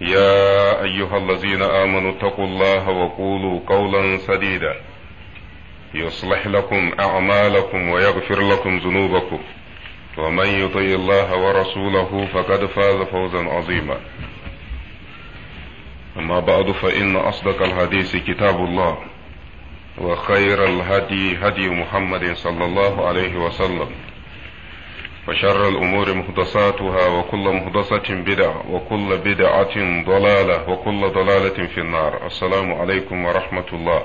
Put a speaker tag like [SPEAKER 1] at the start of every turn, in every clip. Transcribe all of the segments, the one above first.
[SPEAKER 1] يا ايها الذين امنوا اتقوا الله وقولوا قولا سديدا يصلح لكم اعمالكم ويغفر لكم ذنوبكم ومن يطع الله ورسوله فقد فاز فوزا عظيما اما بعد فان اصدق الحديث كتاب الله وخير الهدي هدي محمد صلى الله عليه وسلم وشر الأمور محدثاتها وكل محدثة بدعة وكل بدعة ضلالة وكل ضلالة في النار السلام عليكم ورحمة الله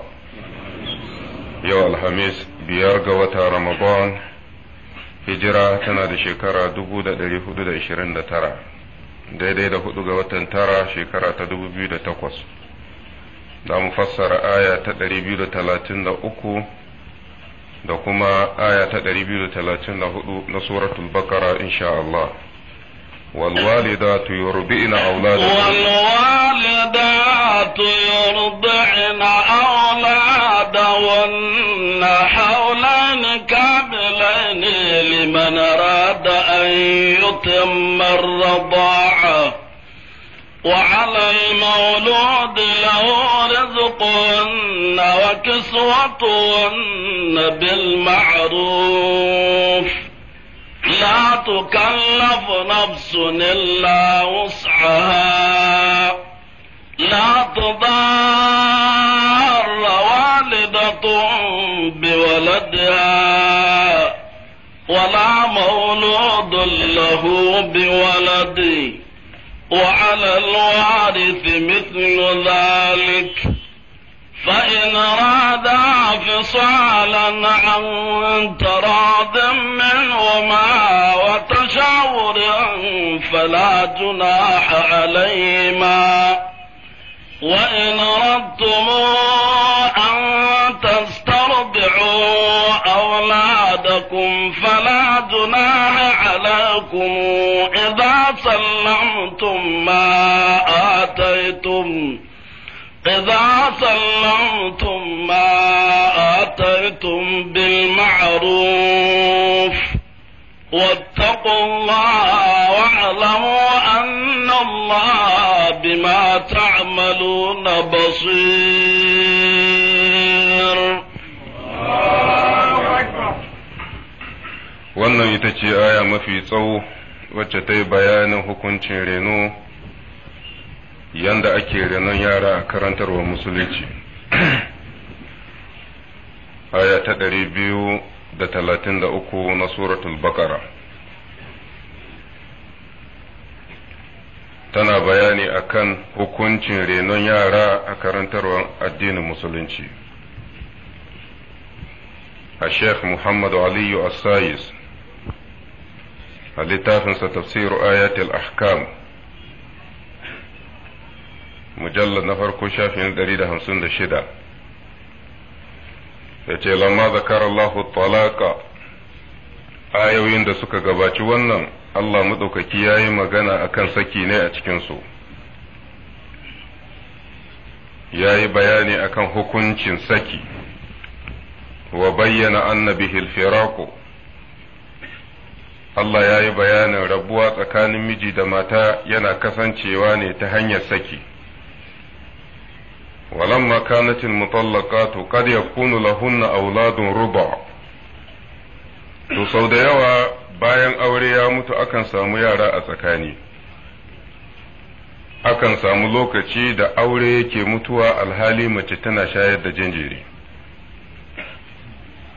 [SPEAKER 1] يا الخميس بيار وتا رمضان hijira tana da shekara 1429 daidai da hudu ga watan tara shekara ta 2008 za mu fassara aya ta 233 da kuma aya ta 234 na suratul bakara insha Allah والوالدات يربئن أولادهن
[SPEAKER 2] والوالدات يرضعن أولادهن حولين كاملين لمن أراد أن يتم الرضاعة وعلى المولود له رزقهن وكسوتهن بالمعروف لا تكلف نفس إلا وسعها لا تضار والدة بولدها ولا مولود له بولده وعلى الوارث مثل ذلك فإن رادا فصالا عن تراض منهما وتشاور فلا جناح عليهما وإن ردتم أن تسترضعوا أولادكم فلا جناح عليكم ما آتيتم إذا سلمتم ما آتيتم بالمعروف واتقوا الله واعلموا أن الله بما تعملون بصير
[SPEAKER 1] wannan ita ce aya mafi tsawo wacce ta yi bayanin hukuncin reno yanda ake renon yara a karantarwa musulunci aya ta ɗari biyu da talatin da uku na suratul bakara tana bayani a kan hukuncin renon yara a karantarwar addinin musulunci a sheikh muhammadu aliyu assayis a littafinsa tafsiru ayatul ahkam mujallar na farko shafin 156 ya ce lama zakarar lahu talaka ayoyin da suka gabaci wannan Allah maɗaukaki ya yi magana a kan saki ne a cikinsu ya yi bayani a kan hukuncin saki wa bayyana Annabi firaku Allah ya yi bayanin rabuwa tsakanin miji da mata yana kasancewa ne ta hanyar saki. ولما كانت المطلقات قد يكون لهن أولاد ربع to sau da yawa bayan aure ya mutu akan samu yara a tsakani akan samu lokaci da aure yake mutuwa alhali mace tana shayar da jinjiri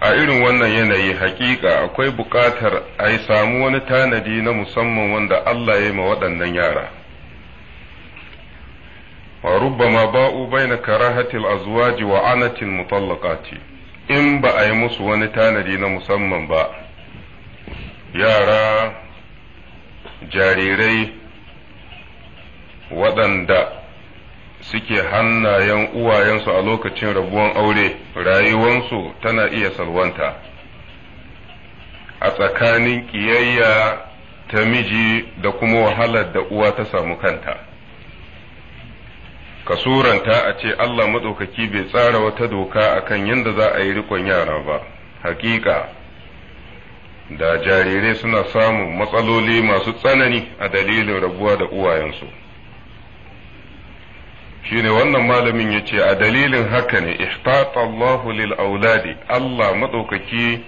[SPEAKER 1] a irin wannan yanayi hakika akwai buƙatar a samu wani tanadi na musamman wanda Allah ya yi ma waɗannan yara wa rubbama ba'u baina karahatil azwaji wa anatil mutallaqati in ba a yi musu wani tanadi na musamman ba yara jarirai waɗanda suke hannayen uwayensu a lokacin rabuwan aure rayuwansu tana iya salwanta a tsakanin ƙiyayya ta miji da kuma wahalar da uwa ta samu kanta ka suranta a ce Allah maɗaukaki bai tsara wata doka a kan yadda za a yi rikon yara ba hakika da jarirai suna samun matsaloli masu tsanani a dalilin rabuwa da uwayensu shine wannan malamin ya ce a dalilin haka ne ihtatallahu lil auladi Allah maɗaukaki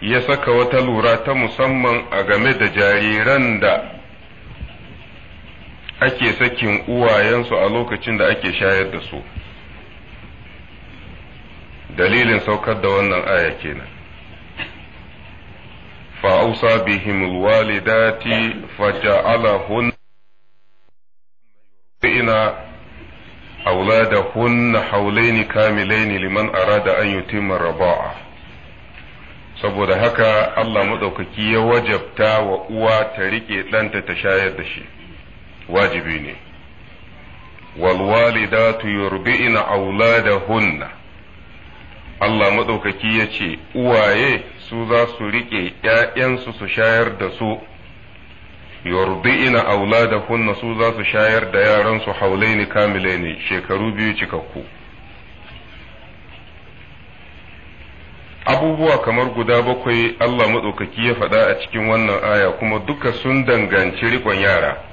[SPEAKER 1] ya saka wata lura ta musamman a game da jariran da ake sakin uwayensu a lokacin da ake shayar da su dalilin saukar da wannan aya kenan fa'ausa bihim alwalidati faja'alahun ina auladahun haulaini kamilaini liman arada an yutimma raba'a saboda haka Allah madaukaki ya wajabta wa uwa ta riƙe ɗanta ta shayar da shi wajibi ne walwalidatu yurbi'na auladahunna Allah maɗaukaki ya ce uwaye su za su riƙe ‘ya'yansu su shayar da su yurbi'na auladahunna su za su shayar da yaransu haulaini kamilaini shekaru biyu cikakku abubuwa kamar guda bakwai Allah maɗaukaki ya faɗa a cikin wannan aya kuma duka sun danganci riƙon yara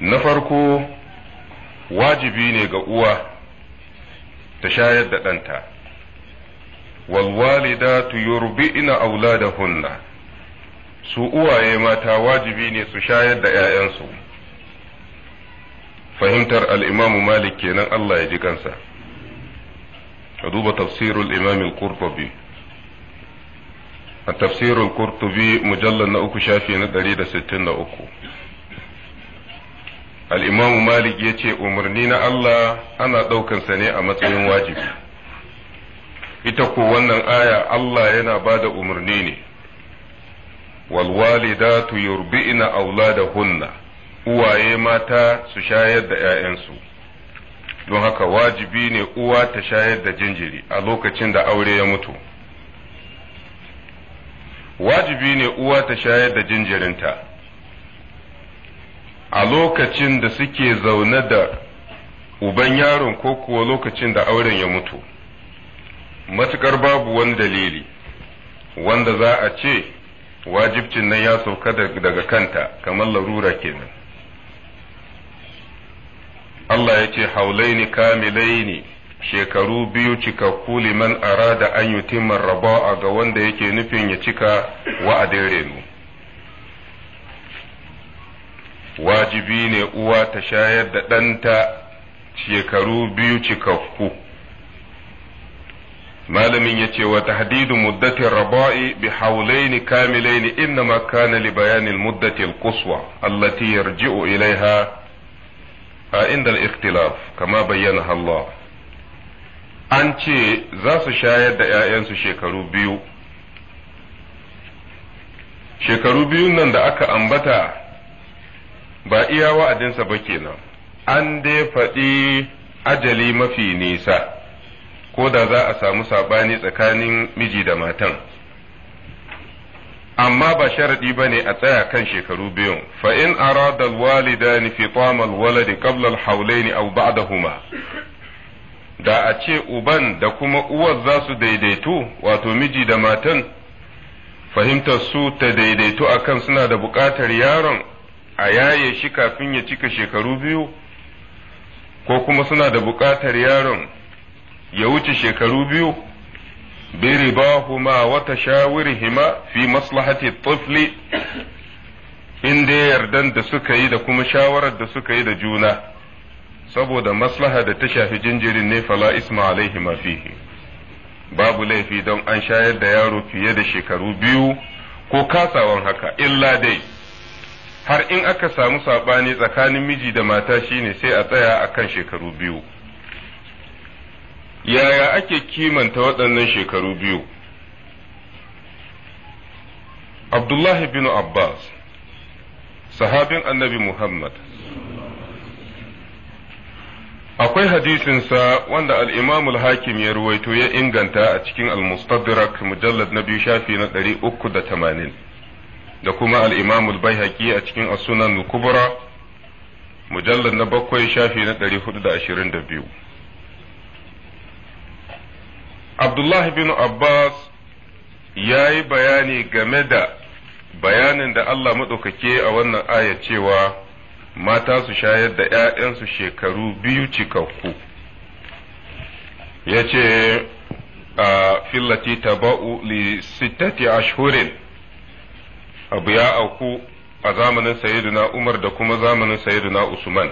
[SPEAKER 1] na farko wajibi ne ga uwa ta shayar da ɗanta aula da hunna su uwaye mata wajibi ne su shayar da 'ya'yansu fahimtar al'imamu malik kenan Allah ya ji kansa A duba tafsirul imam al-qurtubi a tafsirul qurtubi mujallar na uku shafi na 163 al'imamu malik ya ce umarni na Allah ana ɗaukansa ne a matsayin wajibi ita ko wannan aya Allah yana bada umarni ne tuyurbi walwalidatu yurbi'na hunna uwaye mata su shayar da ‘ya'yansu don haka wajibi ne uwa ta shayar da jinjiri a lokacin da aure ya mutu wajibi ne uwa ta shayar da jinjirinta a lokacin da suke zaune da uban yaron ko kuwa lokacin da auren ya mutu matuƙar babu wani dalili wanda za a ce wajibcin nan ya sauka daga kanta kamar larura kenan Allah ya ce haulaini kamilaini shekaru biyu cikakku liman arada an timar raba'a ga wanda yake nufin ya cika wa'adin renu wajibi ne uwa ta shayar da ɗanta shekaru biyu cikakku malamin ya ce wa tahdidu muddatin raba'i bi haulaini kamilaini inna makana li bayanin muddatil kuswa allati yarji'u ilaiha a inda al kama bayyana Allah an ce za su shayar da 'ya'yansu shekaru biyu
[SPEAKER 2] shekaru biyun nan da aka ambata
[SPEAKER 1] ba iya wa'adinsa ba kenan an dai faɗi ajali mafi nisa ko da za a samu saɓani tsakanin miji da matan amma ba sharaɗi ba ne a tsaya kan shekaru biyu. fa in arada alwalidani fitama alwaladi ni alhawlaini aw ba'dahuma da a ce uban da kuma uwar za su daidaitu wato miji da matan fahimtar su ta daidaitu kan suna da buƙatar yaron a yaye shi kafin ya cika shekaru biyu ko kuma suna da buƙatar yaron ya wuce shekaru biyu biri ma wata shawirihima fi maslahati tufli in dai yardan da suka yi da kuma shawarar da suka yi da juna saboda maslaha da ta shafi jinjirin ne fala isma ma fihi babu laifi don an shayar da yaro fiye da shekaru biyu ko kasawan haka illa dai har in aka samu saɓani tsakanin miji da mata shine sai a tsaya a kan shekaru biyu yaya ake kimanta waɗannan shekaru biyu abdullahi bin abbas sahabin annabi muhammad akwai hadisinsa wanda al'imamul hakim ya ruwaito ya inganta a cikin al-mustadrak mujallad na biyu shafi na ɗari uku da tamanin da kuma al-Imam al a cikin as-Sunan al-Kubra mujallad na bakwai shafi na 422 Abdullah bin Abbas ya yi bayani game da bayanin da Allah maɗaukake a wannan aya cewa mata su shayar da ‘ya'yansu shekaru biyu cikakku ya ce a fillati taba'u li sittati ashhurin abu ya auku a zamanin sayyiduna Umar da kuma zamanin sayyiduna Usman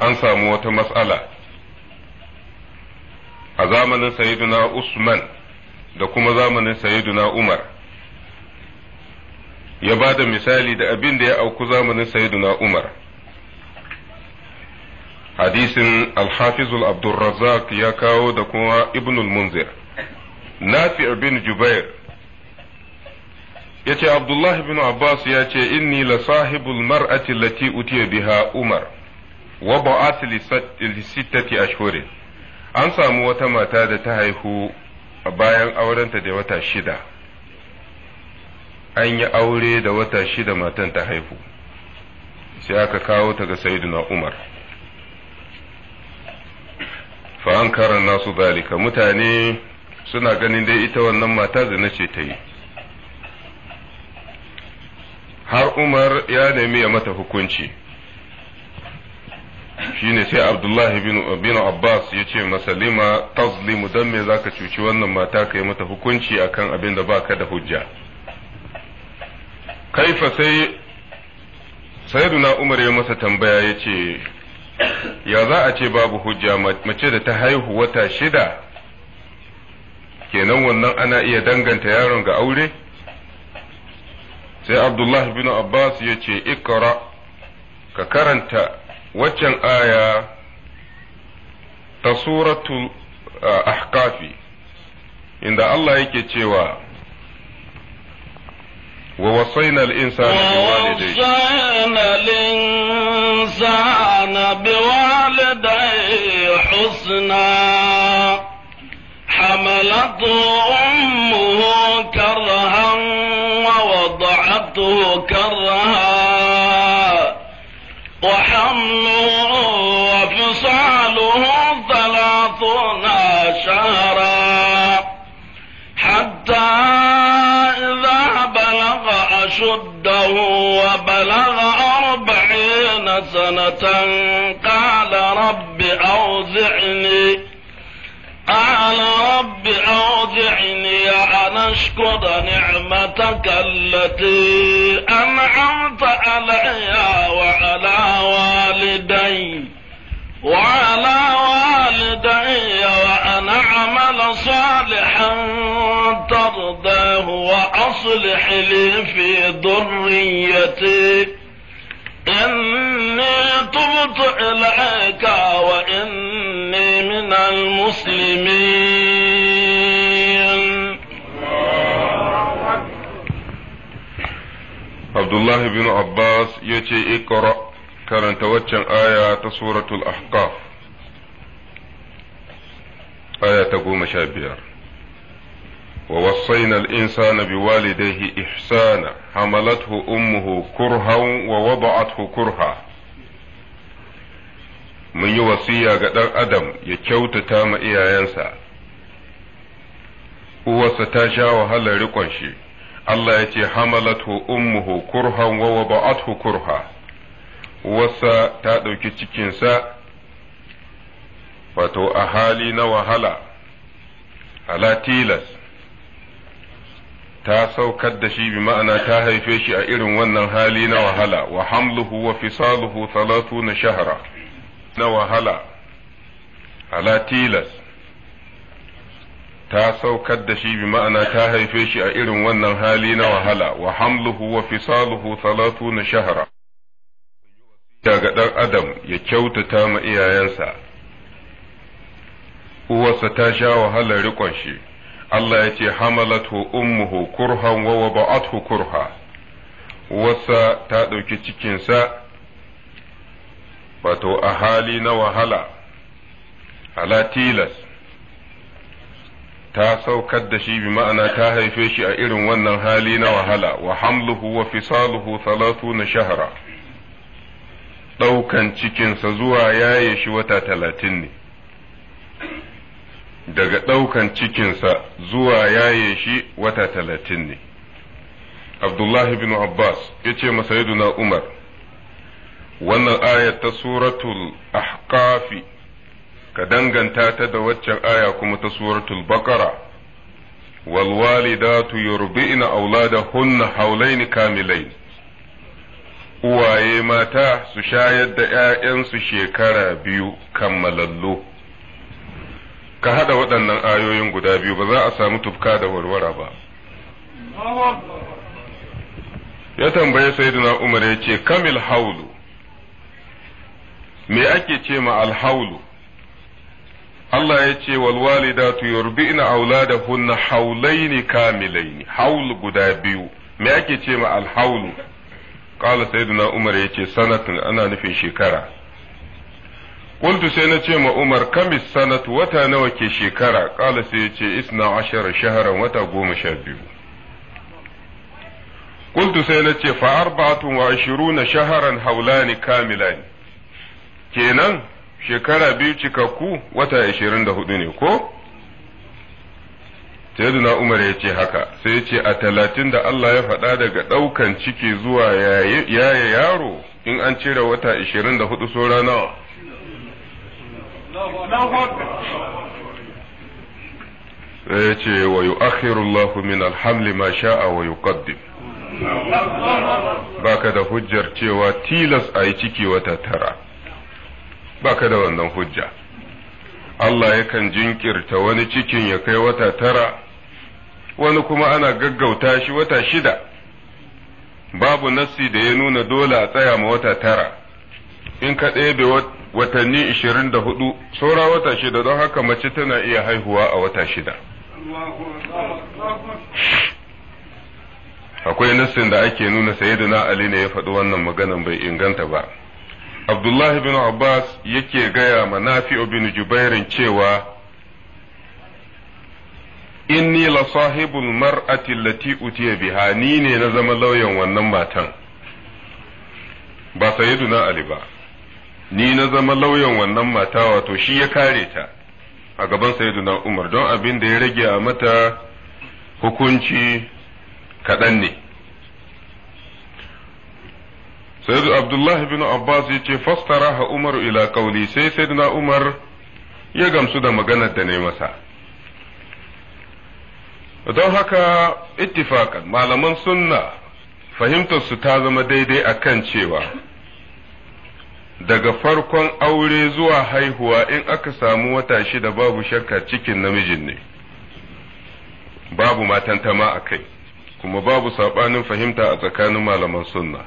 [SPEAKER 1] an samu wata matsala a zamanin sayyiduna Usman da kuma zamanin sayyiduna Umar ya ba da misali da abin da ya auku zamanin sayyiduna Umar hadisin alhafizul abdulrazak ya kawo da kuma ibnul munzir nafi bin jubair yace Abdullah ibn Abbas ya ce inni la sahibul mar'ati lati utiya biha Umar wa ba'at li sittati ashhur an samu wata mata da ta haihu bayan aurenta da wata shida an yi aure da wata shida matan ta haihu sai aka kawo ta ga sayyidina Umar fa an nasu zalika mutane suna ganin dai ita wannan mata da nace ta yi har Umar ya nemi ya mata hukunci shine sai Abdullahi bin Abbas ya ce masa lima tazlimu don me zaka cuci wannan mata ka yi mata hukunci akan abin da baka da hujja kaifa sai sayyiduna Umar ya masa tambaya ya ce ya za a ce babu hujja mace da ta haihu wata shida kenan wannan ana iya danganta yaron ga aure sai abdullahi bin abbas ya ce ikra ka karanta waccan aya ta suratul ahkafi inda Allah yake cewa wa wasaina al-insana biwalidayhi wa
[SPEAKER 2] wasaina al-insana biwalidayhi husna حملته أمه كرها ووضعته كرها وحمله وفصاله ثلاثون شهرا حتى إذا بلغ أشده وبلغ أربعين سنة قال رب أوزعني رب أن أشكر نعمتك التي أنعمت علي وعلى والدي وعلى والدي وأن أعمل صالحا ترضاه وأصلح لي في ذريتي إني تبت إليك وإني من المسلمين
[SPEAKER 1] Abdullahi bin Abbas ya ce ikra karanta waccan aya ta suratul ahqaf aya ta goma sha biyar wa wasaina al-insana biwalidayhi ihsana hamalathu ummuhu kurha, wa wada'athu kurha mun yi wasiya ga ɗan adam ya kyautata ma iyayensa uwarsa ta sha wahalar riƙon Allah ya ce hamalatu ummuhu kurhan wa wada'athu kurha wasa ta ɗauki cikinsa wato a hali na wahala ala tilas ta saukar da shi bi ma'ana ta haife shi a irin wannan hali na wahala wa hamluhu wa fisaluhu talatu na shahara na wahala ala tilas ta saukar da shi bi ma'ana ta haife shi a irin wannan hali na wahala wa hamluhu wa fisaluhu salatu na shahara daga ɗan adam ya kyautata ma iyayensa uwarsa ta sha wahalar riƙon shi Allah ya ce hamalatu ummuhu kurhan wa wada'athu kurha uwarsa ta ɗauki cikinsa wato a hali na wahala ala tilas ta saukar da shi bi ma'ana ta haife shi a irin wannan hali na wahala wa hamluhu wa fisaluhu salatu na shahara ɗaukan cikinsa zuwa yaye shi wata talatin ne daga ɗaukan cikinsa zuwa yaye shi wata talatin ne abdullahi bin abbas ya ce masayiduna umar wannan ayat ta suratul ahqafi ka danganta ta da waccan aya kuma ta suratul baqara wal walidatu yurbi'na auladahunna haulain kamilain uwaye mata su shayar da ‘ya'yansu shekara biyu kammalallo, ka haɗa waɗannan ayoyin guda biyu ba za a samu tufka da warwara ba. Ya tambaye Sayyidina Umar ya ce, Kamil haulu, me ake ce ma alhaulu? Allah ya ce tu wal walidatu yurbi'na auladahunna haulaini kamilaini haul guda biyu me ake ce ma alhaulu haulu qala sayyiduna umar yace sanatun ana nufin shekara qultu sai na ce ma umar kamis sanatu wata nawa ke shekara qala sai yace isna ashara shahran wata goma sha biyu Kultu sai na ce fa arba'atun wa ashiruna shahran haulani kamilani kenan shekara biyu cikakku wata ashirin da hudu ne ko sayyidina umar ya ce haka sai ya ce a talatin da Allah ya faɗa daga ɗaukan ciki zuwa yaya yaro in an cire wata ashirin da hudu saura nawa sai ya ce wa yu'akhirullahu min alhamli ma sha'a wa yi baka da hujjar cewa tilas a yi ciki wata tara baka da wannan hujja Allah yakan jinkirta wani cikin ya kai wata tara wani kuma ana gaggauta shi wata shida babu nassi da ya nuna dole a tsaya ma wata tara in ka ɗebe watanni ishirin da hudu saura wata shida don haka mace tana iya haihuwa a wata shida akwai nassin da ake nuna sayyidina ali ne ya faɗi wannan maganan bai inganta ba Abdullahi bin Abbas yake gaya ma Nafi'u bin Jubairin cewa inni la sahibul mar'ati allati utiya biha ni ne na zama lauyan wannan matan ba sayyiduna Ali ba ni na zama lauyan wannan mata wato shi ya kare ta a gaban sayyiduna Umar don abin da ya rage a mata hukunci kaɗan ne sai abdullah bin abbas ya ce fastaraha umar ila kauli sai sayyidina umar ya gamsu da maganar da ne masa don haka ittifaqan malaman sunna fahimtar su ta zama daidai akan cewa daga farkon aure zuwa haihuwa in aka samu wata shida babu shakka cikin namijin ne babu matan tama a kai kuma babu saɓanin fahimta a tsakanin malaman sunna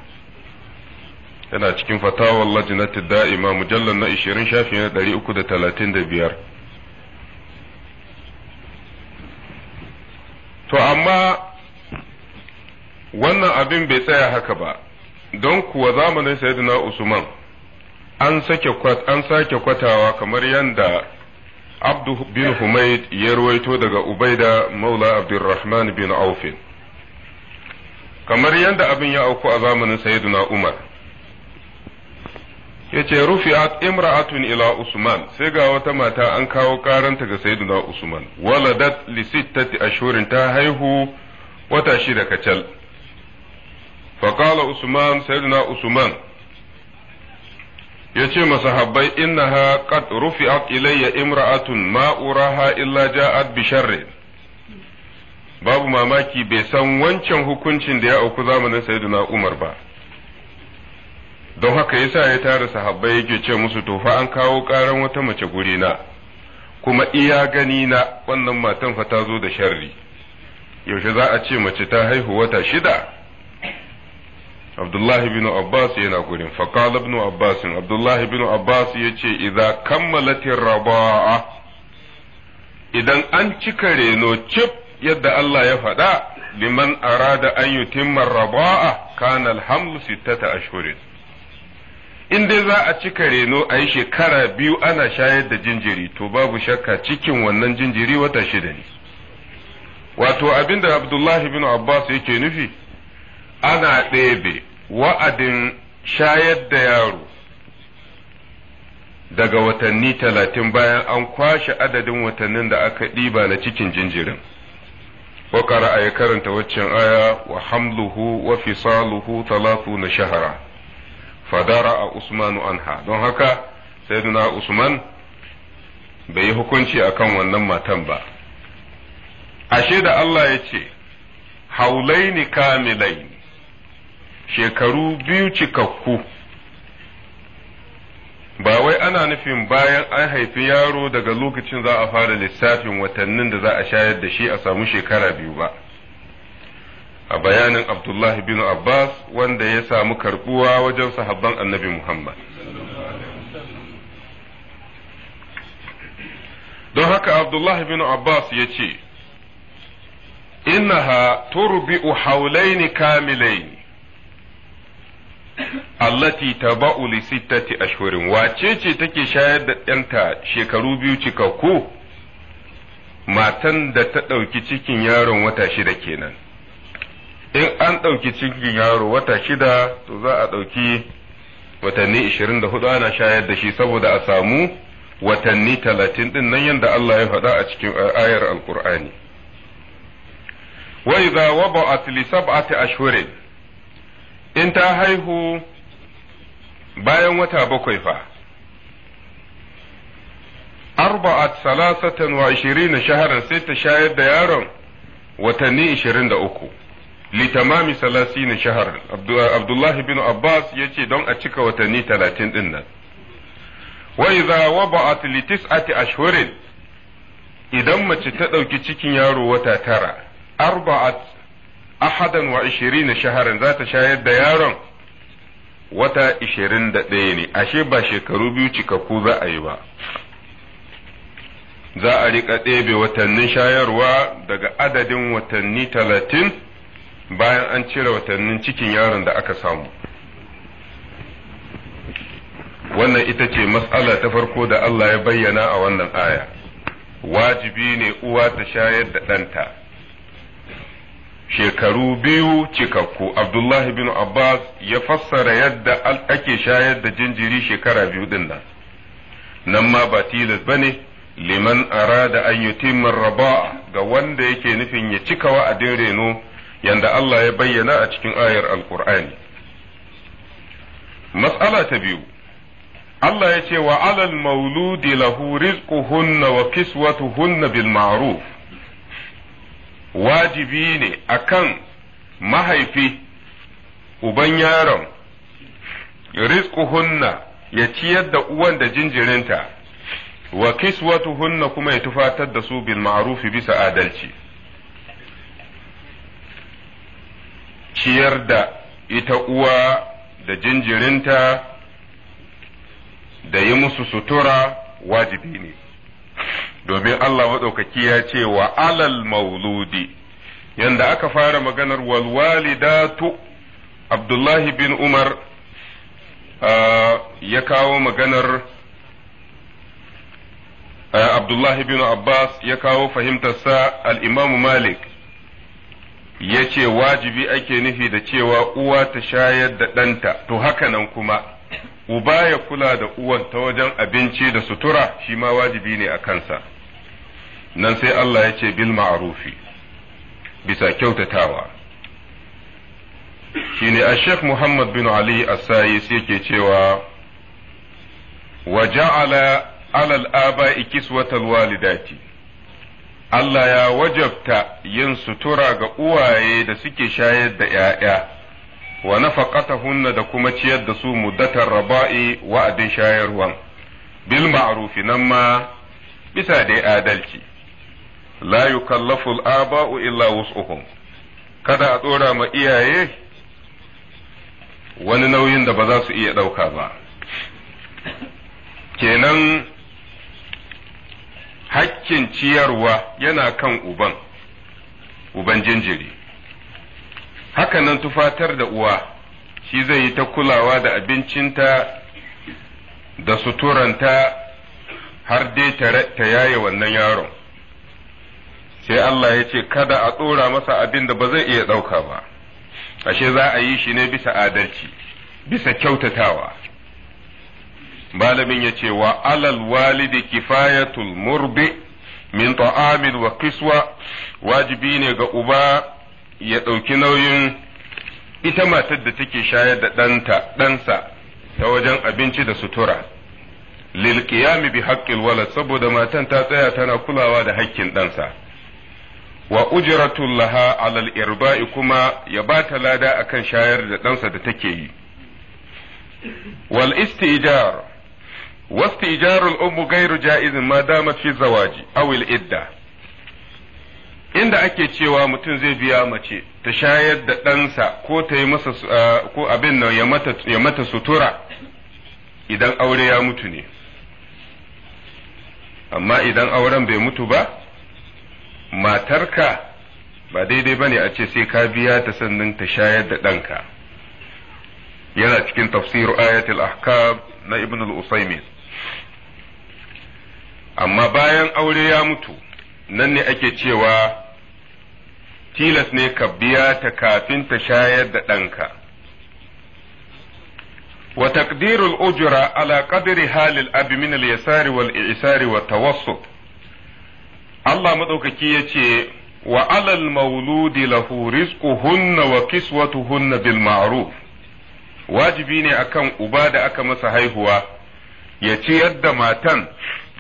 [SPEAKER 1] yana cikin fatawar lajinatu da'ima mujallar na 20 shafi na 335 to amma wannan abin bai tsaya haka ba don kuwa zamanin sayyidina usman an sake an sake kwatawa kamar yadda abdu bin humaid ya ruwaito daga ubaida maula abdurrahman bin aufin kamar yadda abin ya auku a zamanin sayyidina umar yace rufi'at imra'atun ila usman sai ga wata mata an kawo karanta ga sayyidina usman waladat li sittati ashhurin ta haihu wata shida kacal faƙala usman sayyidina usman yace masahabbai innaha qad rufi'at ilayya imra'atun ma uraha illa ja'at bi babu mamaki bai san wancan hukuncin da ya auku zamanin saiduna umar ba don haka yasa ya tara sahabbai yake ce musu to fa an kawo karan wata mace guri na kuma iya gani na wannan matan fa ta zo da sharri yaushe za a ce mace ta haihu wata shida Abdullah ibn Abbas yana gurin faqal ibn Abbas Abdullah ibn Abbas yace idza kammalat rabaa idan an cika reno cif yadda Allah ya faɗa liman arada an yutimma rabaa kana alhamlu sittata ashhurin in dai za a cika reno a yi shekara biyu ana shayar da jinjiri to babu shakka cikin wannan jinjiri wata shida ne wato abinda abdullahi bin abbas yake nufi ana ɗebe wa'adin shayar da yaro daga watanni talatin bayan an kwashe adadin watannin da aka ɗiba na cikin jinjirin wa ya karanta waccan aya wa hamluhu wa fisaluhu talatu na shahara fadara a usmanu anha don haka sai sayyiduna usman bai yi hukunci a kan wannan matan ba ashe da Allah ya ce haulaini kamilaini shekaru biyu cikakku ba wai ana nufin bayan an haifi yaro daga lokacin za a fara lissafin watannin da za a shayar da shi a samu shekara biyu ba a bayanin Abdullahi bin Abbas wanda ya samu karbuwa wajen sahabban annabi Muhammad. Don haka Abdullahi bin Abbas ya ce, innaha تربئ haulaini كاملين allati taba'u li sittati ashhurin wace ce take shayar da ɗanta shekaru biyu cikakku matan da ta ɗauki cikin yaron wata shida kenan in an ɗauki cikin yaro wata shida to za a ɗauki watanni ishirin da hudu ana shayar da shi saboda a samu watanni talatin ɗin nan yadda Allah ya faɗa a cikin ayar alkur'ani wai za waba a sab'ati in ta haihu bayan wata bakwai fa arba'at salasatan wa ashirin shaharar sai ta shayar da yaron watanni ishirin da uku litamami salasi na shahar uh, abdullahi bin abbas ya ce don a cika watanni talatin din nan wa iza waba'at li tis'ati ashhurin idan mace ta ɗauki cikin yaro wata tara arba'at ahadan wa ishirin shaharan za ta shayar da yaron wata ishirin da ɗaya ne ashe ba shekaru biyu cikakku za a yi ba za a riƙa ɗebe watannin shayarwa daga adadin watanni talatin bayan an cire watannin cikin yaron da aka samu wannan ita ce mas'ala ta farko da Allah ya bayyana a wannan aya wajibi ne uwa ta shayar da ɗanta shekaru biyu cikakku abdullahi bin abbas ya fassara yadda ake shayar da jinjiri shekara biyu din nan nan ma ba tilas ba ne liman arada an yutimmin raba ga wanda yake nufin ya cika wa'adin reno yanda Allah ya bayyana a cikin ayar alkur'ani matsala ta biyu Allah ya ce wa alal mauludi lahu rizquhunna wa kiswatuhunna bil ma'ruf wajibi ne akan mahaifi uban yaron rizquhunna ya ciyar da uwan da jinjirinta wa kiswatuhunna kuma ya tufatar da su bil ma'ruf bisa adalci ciyar da ita uwa da jinjirinta da yi musu sutura wajibi ne domin Allah maɗaukaki ya ce wa alal mauludi yanda aka fara maganar walwalidatu Abdullahi bin Umar ya kawo maganar Abdullahi bin Abbas ya kawo fahimtarsa al Malik ya ce wajibi ake nufi da cewa uwa ta shayar da ɗanta to haka nan kuma uba ya kula da uwan ta wajen abinci da sutura shi ma wajibi ne a kansa nan sai Allah ya ce bil ma'arufi bisa kyautatawa shine Sheikh Muhammad bin Ali As-Sayis yake cewa wa ja'ala alal ikis kiswatal walidati Allah ya wajabta yin sutura ga uwaye da suke shayar da ‘ya'ya, wa nafaqatahunna da kuma ciyar da su muddatar raba'i wa'adin shayarwan, bil ma'arufi nan ma bisa dai adalci. La yukallafu al'aba'u illa wus'uhum kada a tsora ma iyaye wani nauyin da ba za su iya ɗauka ba. Kenan hakkin ciyarwa yana kan uban uban jinjiri hakanan tufatar da uwa shi zai yi ta kulawa da abincinta da suturanta har dai ta yaye wannan yaron sai Allah ya ce kada a tsora masa abin da ba zai iya ɗauka ba ashe za a yi shi ne bisa adalci bisa kyautatawa malamin ya ce wa alal walidi kifayatul murbi min ta'amin wa kiswa wajibi ne ga uba ya ɗauki nauyin ita matar da take shayar da ɗanta ɗansa ta wajen abinci da sutura lil qiyami bi haqqil walad saboda matan ta tsaya tana kulawa da haƙƙin ɗansa wa ujratul laha alal irba'i kuma ya bata lada akan shayar da ɗansa da take yi wal istijar واستئجار الأم غير جائز ما دامت في الزواج أو الإدة inda ake cewa mutum zai biya mace ta shayar da ɗansa ko ta yi masa ko abin nan ya mata sutura idan aure ya mutu ne amma idan auren bai mutu ba matarka ba daidai ba ne a ce sai ka biya ta sannan ta shayar da ɗanka yana cikin tafsir ayatul ahkam na ibn al-usaymin amma bayan aure ya mutu nan ne ake cewa tilas ne ka biya ta kafin ta shayar da ɗanka wa taqdirul ujra ala qadri halil abi min al yasari wal isari wa tawassut Allah madaukaki yace wa alal mauludi lahu rizquhunna wa kiswatuhunna bil ma'ruf wajibi ne akan uba da aka masa haihuwa ya ciyar da matan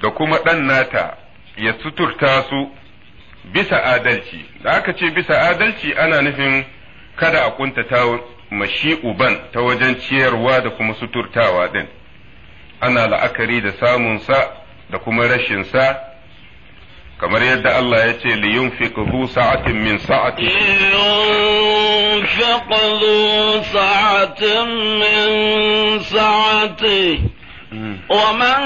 [SPEAKER 1] da kuma ɗan nata ya suturta su bisa adalci da aka ce bisa adalci ana nufin kada a kuntata mashi uban ta wajen ciyarwa da kuma suturtawa ɗin ana la'akari da samunsa da kuma rashinsa kamar yadda Allah ya ce li yunfiq hu sa'atin min sa'ati yunfiq
[SPEAKER 2] sa'atin min sa'ati ومن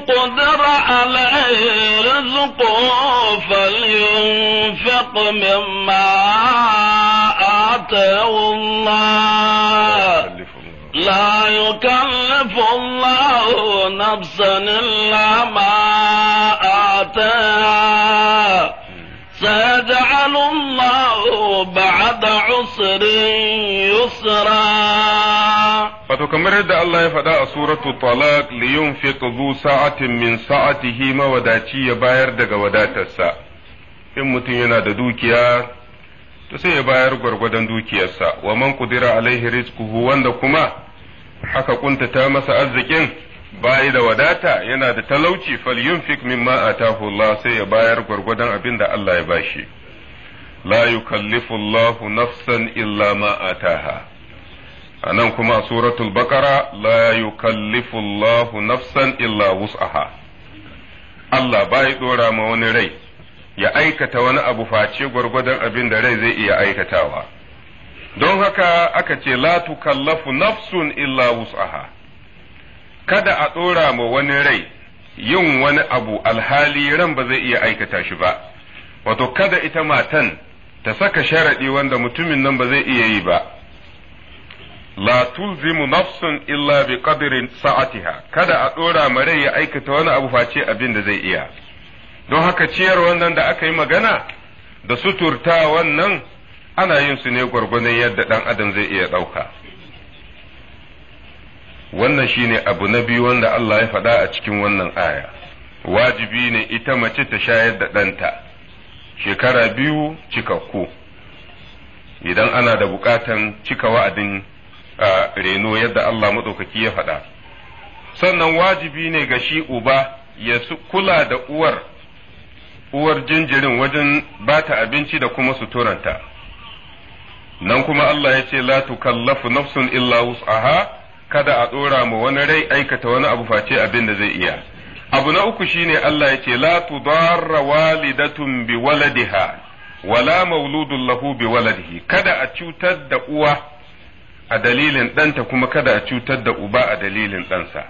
[SPEAKER 2] قدر عليه رزقه فلينفق مما آتاه الله لا يكلف الله نفسا إلا ما آتاها سيجعل الله بعد عسر يسرا
[SPEAKER 1] wato kamar yadda Allah ya faɗa a suratul talaq li yunfiq zu sa'atin min sa'atihi mawadaci ya bayar daga wadatarsa in mutum yana da dukiya to sai ya bayar gwargwadon dukiyarsa wa man qudira alaihi rizquhu wanda kuma aka kuntata masa arzikin bai da wadata yana da talauci yunfiq mimma atahu Allah sai ya bayar gwargwadon abin da Allah ya bashi la yukallifu Allahu nafsan illa ma ataha a nan kuma a suratul bakara la yukallifu Allahu nafsan illa wus'aha Allah bai dora ma wani rai ya aikata wani abu face gwargwadon abin da rai zai iya aikatawa don haka aka ce la tukallafu nafsun illa wus'aha kada a dora ma wani rai yin wani abu alhali ran ba zai iya aikata shi ba wato kada ita matan ta saka sharadi wanda mutumin nan ba zai iya yi ba la tulzimu nafsun illa bi qadrin sa'atiha kada a dora mare ya aikata wani abu face abin da zai iya don haka ciyar wannan da aka yi magana da suturta wannan ana yin su ne gwargwadon yadda dan adam zai iya dauka wannan shine abu na biyu wanda Allah ya faɗa a cikin wannan aya wajibi ne ita mace ta shayar da ɗanta shekara biyu cikakku idan ana da bukatan cika wa'adin A reno yadda Allah maɗaukaki ya faɗa sannan wajibi ne ga shi uba ya kula da uwar uwar jinjirin wajen bata abinci da kuma suturanta nan kuma Allah ya ce la tukallafu nafsun illa wus'aha kada a ɗora ma wani rai aikata wani abu face abin da zai iya abu na uku shine Allah ya ce la tudarra walidatun bi waladiha wala mauludun lahu bi waladihi kada a cutar da uwa a dalilin ɗanta kuma kada a cutar da uba a dalilin ɗansa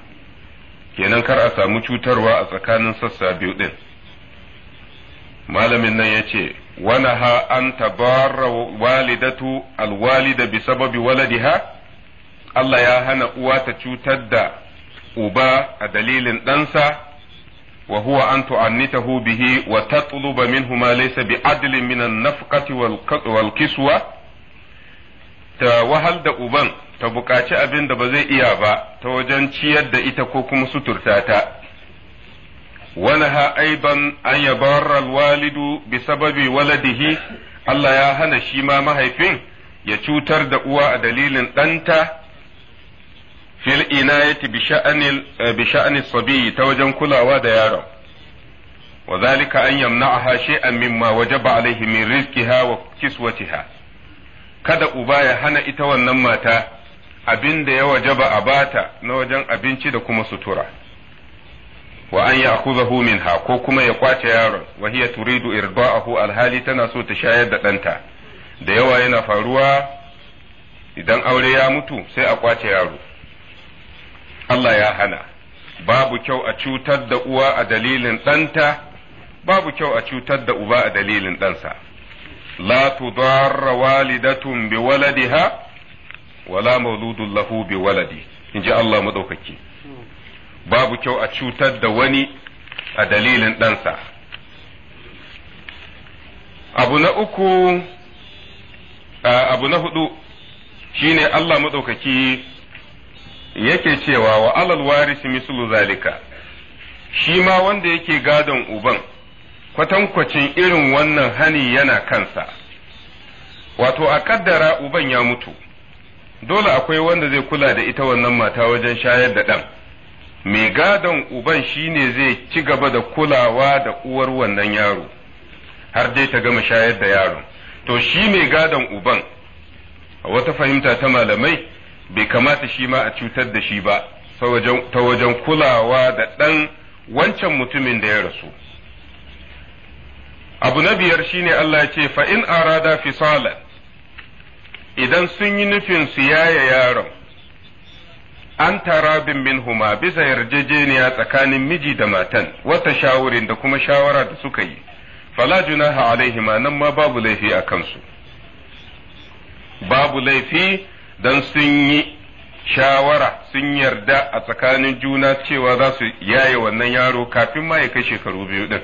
[SPEAKER 1] kenan kar a samu cutarwa a tsakanin sassa biyu ɗin malamin nan ya ce wanaha an tabarra walidatu alwalida bi sababi waladiha Allah ya hana uwa ta cutar da uba a dalilin ɗansa wa huwa an tu'annitahu bihi wa tatluba minhu ma laysa bi adlin min an-nafqati wal kiswa ta wahal da uban ta buƙaci abin da ba zai iya ba ta wajen ciyar da ita ko kuma suturta ta ونهى أيضا أن يبار الوالد بسبب ولده Allah ya hana shi ma mahaifin ya cutar da uwa a dalilin ɗanta fil inayati bi sha'anil eh, sab'i ta wajen kulawa da yaron wa zalika an yamna'aha shay'an mimma wajaba alaihi min rizqiha wa kiswatiha kada uba ya hana ita wannan mata abin da ya ba a bata na wajen abinci da kuma sutura wa an ya'khudhahu minha ko kuma ya kwace yaron wa hiya turidu irda'ahu alhali tana so ta shayar da ɗanta da yawa yana faruwa idan aure ya mutu sai a kwace yaro Allah ya hana babu kyau a cutar da uwa a dalilin ɗanta babu kyau a cutar da uba a dalilin ɗansa la tudarra walidatun bi waladiha wala mauludun lahu bi waladi inji ji Allah madaukaki babu kyau a cutar da wani a dalilin ɗansa abu na uku abu na hudu shine Allah madaukaki yake cewa wa alal warisi mislu zalika shi ma wanda yake gadon uban kwatankwacin irin wannan hani yana kansa wato a kaddara uban ya mutu dole akwai wanda zai kula da ita wannan mata wajen shayar da ɗan mai gadon uban shine zai ci gaba da kulawa da uwar wannan yaro har dai ta gama shayar da yaron to shi mai gadon uban a wata fahimta ta malamai bai kamata shi ma a cutar da shi ba ta wajen kulawa da ɗan wancan mutumin da ya rasu abu na biyar shine Allah ce fa in arada fisalan idan sun yi nufin su yaya yaron an tara bin min huma bisa yarjejeniya tsakanin miji da matan wata shawurin da kuma shawara da suka yi fala junaha alaihima nan ma babu laifi a kansu babu laifi don sun yi shawara sun yarda a tsakanin juna cewa za su yaye wannan yaro kafin ma ya kai shekaru biyu din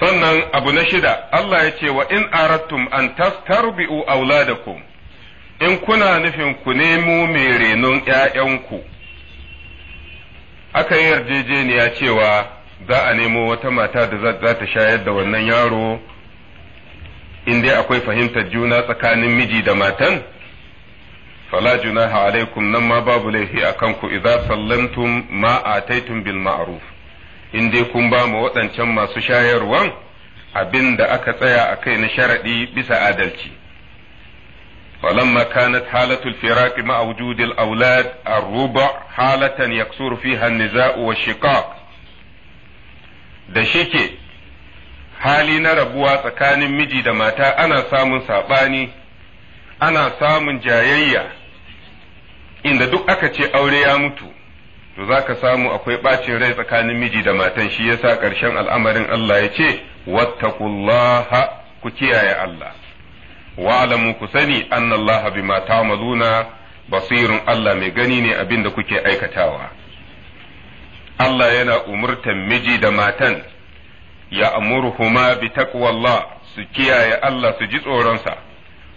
[SPEAKER 1] sannan abu na shida Allah ya ce wa in arattum an tastarbi'u auladakum in kuna nufin ku nemo mai renon ‘ya'yanku, aka yi yarjejeniya cewa za a nemo wata mata da za ta shayar da wannan yaro in dai akwai fahimtar juna tsakanin miji da matan, fala junaha alaikum nan ma babu laifi a kanku idza sallantum ma ataitum bil ma'ruf in dai kun ba mu waɗancan masu shayarwan abin da aka tsaya a kai na sharaɗi bisa adalci. فلما كانت حالة الفراق مع a الأولاد الربع حالة يكثر فيها النزاع والشقاق da shike hali na rabuwa tsakanin miji da mata ana samun saɓani ana samun jayayya inda duk aka ce aure ya mutu to za ka samu akwai ɓacin rai tsakanin miji da matan shi yasa ƙarshen al'amarin Allah ya ce wattaqullaha ku kiyaye Allah waalamu ku sani annallaha bima ta'maluna basirun Allah mai gani ne abin da kuke aikatawa Allah yana umurtan miji da matan ya amurhuma bi taqwallah su kiyaye Allah su ji tsoronsa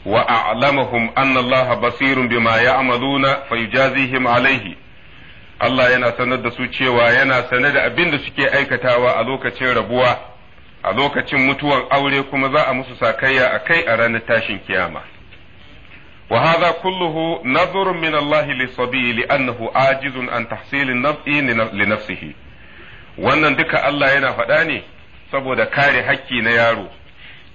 [SPEAKER 1] wa a'lamahum annallaha basirun bima ya'maluna fayujazihim alaihi Allah yana sanar da su cewa yana sanar da abin da suke aikatawa a lokacin rabuwa a lokacin mutuwan aure kuma za a musu sakayya a kai a ranar tashin kiyama wa hadha kulluhu nazrun min Allah li sabi li annahu ajizun an tahsilin naf'i li nafsihi wannan duka Allah yana faɗa ne saboda kare hakki na yaro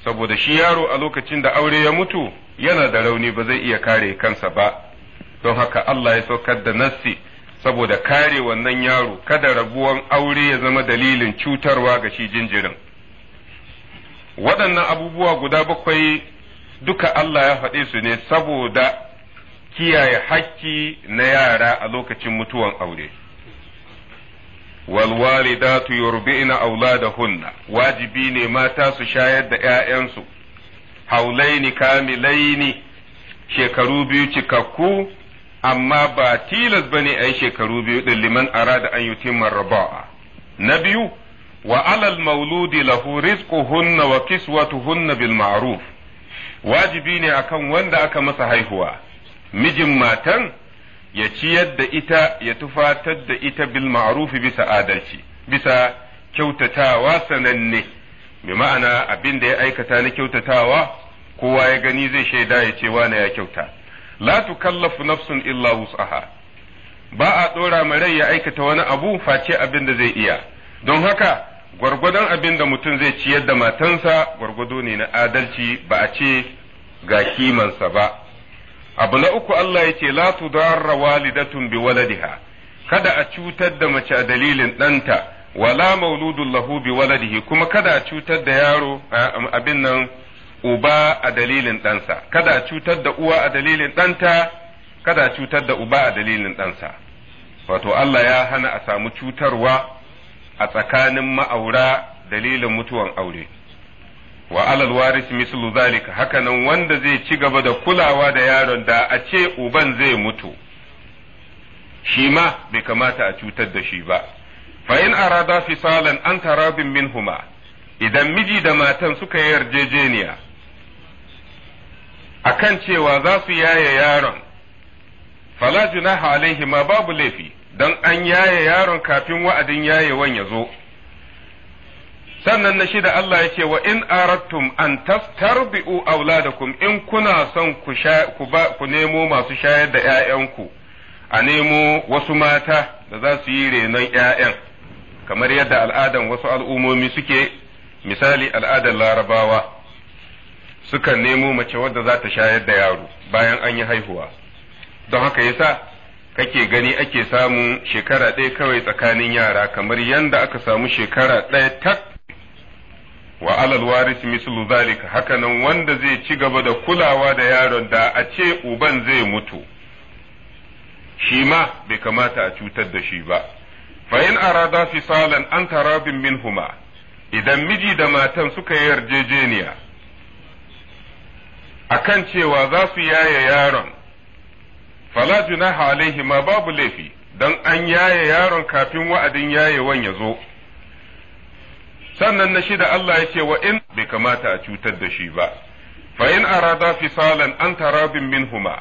[SPEAKER 1] saboda shi yaro a lokacin da aure ya mutu yana da rauni ba zai iya kare kansa ba don haka Allah ya saukar da nassi saboda kare wannan yaro kada rabuwan aure ya zama dalilin cutarwa ga shi jinjirin waɗannan abubuwa guda bakwai duka Allah ya faɗe su ne saboda kiyaye hakki na yara a lokacin mutuwan aure walwalidatu yurbi'na auladahunna wajibi ne mata su shayar da 'ya'yansu haulaini kamilaini shekaru biyu cikakku amma ba tilas bane a yi shekaru biyu ɗin liman arada an yutimma raba'a na biyu wa alal mauludi lahu rizquhunna wa kiswatuhunna bil ma'ruf wajibi ne akan wanda aka masa haihuwa mijin matan ya ciyar da ita ya tufatar da ita bil ma'ruf bisa adalci bisa kyautatawa sananne bi ma'ana abin da ya aikata na kyautatawa kowa ya gani zai shaida ya ce wane ya kyauta la tukallafu nafsun illa wus'aha ba a ɗora ma rai ya aikata wani abu face abin da zai iya don haka gwargwadon abin da mutum zai ciyar da matansa gwargwado ne na adalci ba a ce ga kimansa ba abu na uku Allah ya ce la tudarra walidatun bi waladiha kada a cutar da mace a dalilin ɗanta wala mauludun lahu bi waladihi kuma kada a cutar da yaro abin nan uba a dalilin ɗansa kada a cutar da uwa a dalilin ɗanta kada a cutar da uba a dalilin ɗansa wato Allah ya hana a samu cutarwa a tsakanin ma'aura dalilin mutuwan aure wa alal waris mislu zalika hakanan wanda zai ci gaba da kulawa da yaron da a ce uban zai mutu shi ma bai kamata a cutar da shi ba fa in arada fisalan an tarabin minhuma idan miji da matan suka yi yarjejeniya akan cewa za su yaye yaron fala junaha alaihi ma babu laifi don an yaye yaron kafin wa'adin yayewan ya zo sannan na shida Allah ya ce wa in arattum an tastarbi'u auladakum in kuna son ku ku ba ku nemo masu shayar da 'ya'yanku a nemo wasu mata da za su yi renon 'ya'yan kamar yadda al'adan wasu al'ummomi suke misali al'adan larabawa sukan nemo mace wadda za ta shayar da yaro bayan an yi haihuwa don haka yasa kake gani ake samu shekara ɗaya kawai tsakanin yara kamar yanda aka samu shekara ɗaya tak wa alal waris mislu zalika nan wanda zai ci gaba da kulawa da yaron da a ce uban zai mutu shi ma bai kamata a cutar da shi ba fa in arada fisalan an tarabin minhuma idan miji da matan suka yi yarjejeniya akan cewa za su yaye yaron fala junaha alaihi ma babu laifi don an yaye yaron kafin wa'adin yayewan ya zo sannan na shida Allah ya ce wa in bai kamata a cutar da shi ba fa in arada fisalan an tarabin minhuma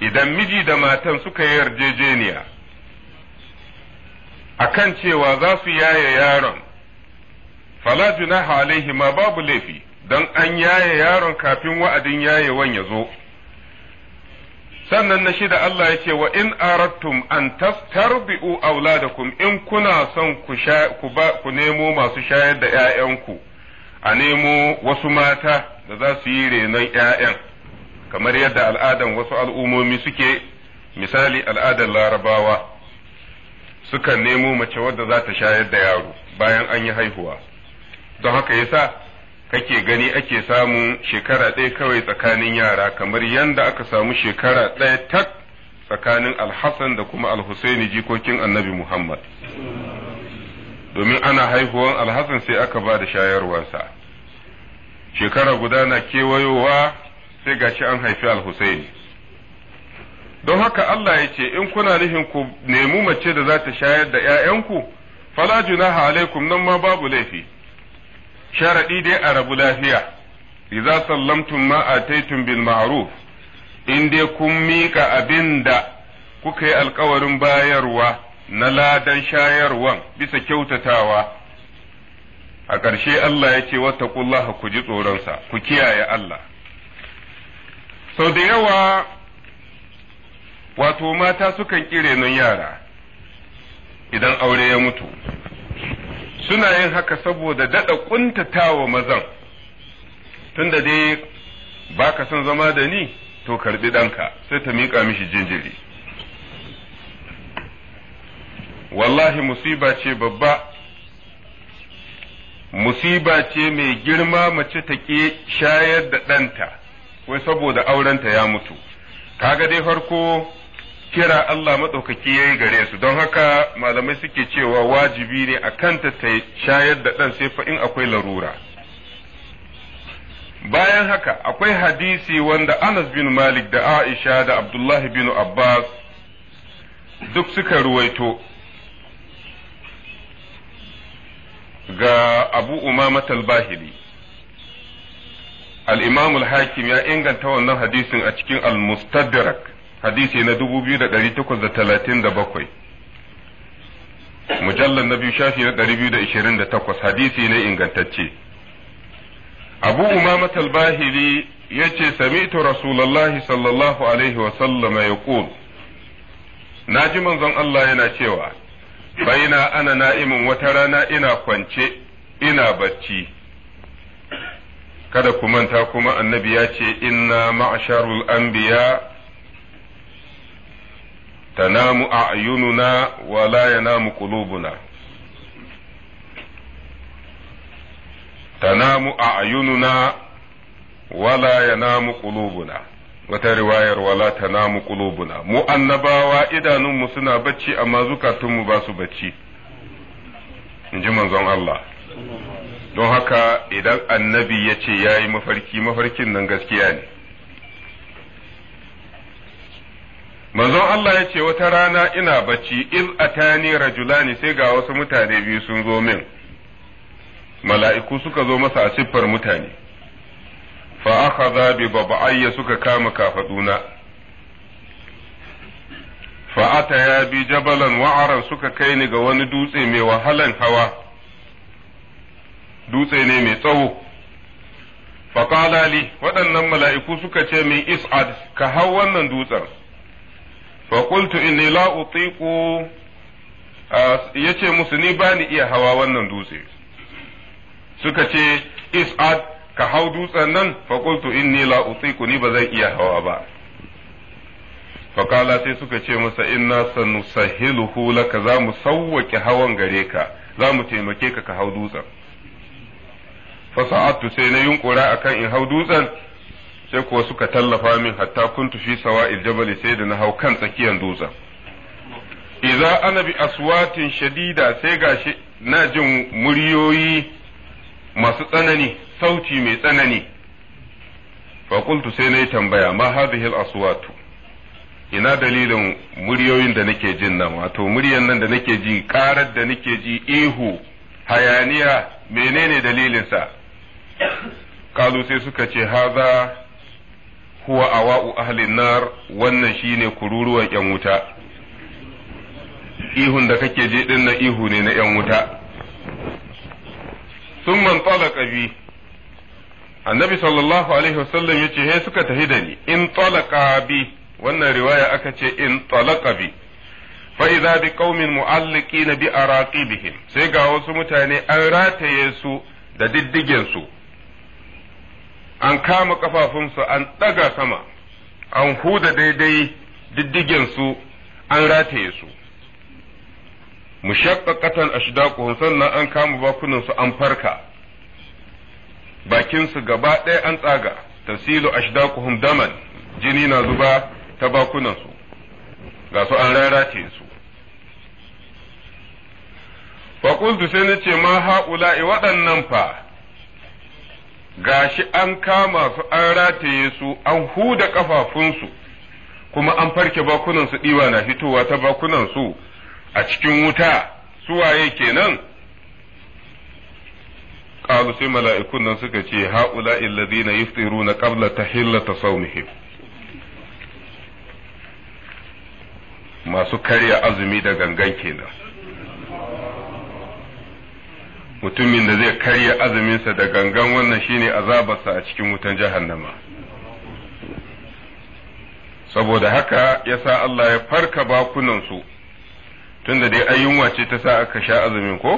[SPEAKER 1] idan miji da matan suka yi yarjejeniya akan cewa za su yaye yaron fala junaha alaihi ma babu laifi don an yaye yaron kafin wa'adin yayewan ya zo sannan na shida Allah ya ce wa in arattum an tastarbi'u auladakum in kuna son ku ku ba ku nemo masu shayar da 'ya'yanku a nemo wasu mata da za su yi renon 'ya'yan kamar yadda al'adan wasu al'ummomi suke misali al'adar larabawa sukan nemo mace wadda za ta shayar da yaro bayan an yi haihuwa don haka yasa kake gani ake samu shekara ɗaya kawai tsakanin yara kamar yanda aka samu shekara ɗaya tak tsakanin alhassan da kuma alhusaini jikokin annabi muhammad domin ana haihuwan alhassan sai aka ba da shayarwarsa shekara guda na kewayowa sai gashi an haifi alhusaini don haka Allah ya ce in kuna nufin ku nemi mace da za ta shayar da ‘ya'yanku fala junaha alaikum nan ma babu laifi sharaɗi dai a rabu lafiya idza sallamtum ma ataytum bil ma'ruf in dai kun miƙa abin da kuka yi alkawarin bayarwa na ladan shayarwan bisa kyautatawa a ƙarshe Allah ya ce Kullaha ku ji tsoronsa ku kiyaye Allah sau da yawa wato mata sukan ƙi renon yara idan aure ya mutu suna yin haka saboda daɗa ƙuntatawa mazan tunda dai ba ka son zama da ni to karɓi ɗanka sai ta miƙa mishi jinjiri wallahi musiba ce babba musiba ce mai girma mace ta ƙi shayar da ɗanta wai saboda aurenta ya mutu kaga dai farko kira Allah matsaukaki ya yi gare su don haka malamai suke cewa wajibi ne a kanta ta shayar da ɗan sai fa in akwai larura bayan haka akwai hadisi wanda Anas bin Malik da Aisha da Abdullahi bin Abbas duk suka ruwaito ga Abu Umama al al-Imam hakim ya inganta wannan hadisin a cikin al-Mustadrak hadisi na dubu biyu da ɗari takwas da talatin da bakwai mujallar na biyu shafi na ɗari biyu da ishirin da takwas hadisi ne ingantacce abu umama talbahili ya ce sami'tu rasulallahi sallallahu alaihi wasallama ya ƙul na ji manzon Allah yana cewa baina ana na'imin wata rana ina kwance ina barci kada ku manta kuma annabi ya ce inna ma'asharul anbiya تنام أعيننا ولا ينام قلوبنا تنام أعيننا ولا ينام قلوبنا wata riwayar wala ta namu qulubuna mu annabawa idanunmu suna bacci amma zukatunmu ba su bacci in ji manzon Allah don haka idan annabi ya ce ya yi mafarki mafarkin nan gaskiya ne manzon Allah ya ce wata rana ina bacci iz atani rajulani sai ga wasu mutane biyu sun zo min mala'iku suka zo masa a siffar mutane fa akhadha bi baba'ayya suka kama kafaduna fa’ata ya bi jabalan wa'aran suka kai ni ga wani dutse mai wahalan hawa dutse ne mai tsawo fa waɗannan mala'iku suka ce min is'ad ka hau wannan dutsen faƙultu inni la utiku ya musu ni bani iya hawa wannan dutse suka ce is'ad ka hau dutsen nan faƙultu inni la utiku ni ba zai iya hawa ba faƙala sai suka ce masa inna sanusahiluhu laka za mu sauwaƙe hawan gare ka za mu taimake ka ka hau dutsen fasa'atu sai na yunkura akan in hau dutsen sai kuwa suka tallafa min hatta kuntu fi sawa'il jabal sai da na hau kan tsakiyar dutsen idza ana bi aswatin shadida sai gashi na jin muryoyi masu tsanani sauti mai tsanani fa qultu sai nayi tambaya ma hadhihi aswatu ina dalilin muryoyin da nake jin nan wato muryan nan da nake ji karar da nake ji ihu hayaniya menene dalilinsa kalu sai suka ce haza huwa awa'u ahlin nar wannan shine kururuwan yan wuta ihun da kake je din na ihu ne na yan wuta sun man talaka bi annabi sallallahu alaihi wasallam yace he suka tafi da ni in talaka bi wannan riwaya aka ce in talaka bi fa idza bi qaumin mu'alliqina bi araqibihim sai ga wasu mutane an rataye su da diddigen su an kama kafafunsu an ɗaga sama an huda daidai diddigensu an rataye su Mu mushaqqaqatan ashdaquhum sannan an kama bakunansu an farka bakinsu gaba ɗaya an tsaga tasilu ashdaquhum daman jini na zuba ta bakunansu ga su an rataye su faƙultu sai na ce ma ha'ula'i waɗannan fa gashi an kama su an rataye su an huda kafafunsu kuma an farke bakunansu ɗiwa na fitowa ta bakunansu a cikin wuta suwaye kenan qalu sai mala'ikun nan suka ce haula alladhina yuftiruna qabla tahillata sawmihim masu karya azumi da gangan kenan mutumin da zai karya azuminsa da gangan wannan shine azabarsa a cikin wutan jahannama saboda haka yasa Allah ya farka su tunda dai ayyunwa ce ta sa aka sha azumin ko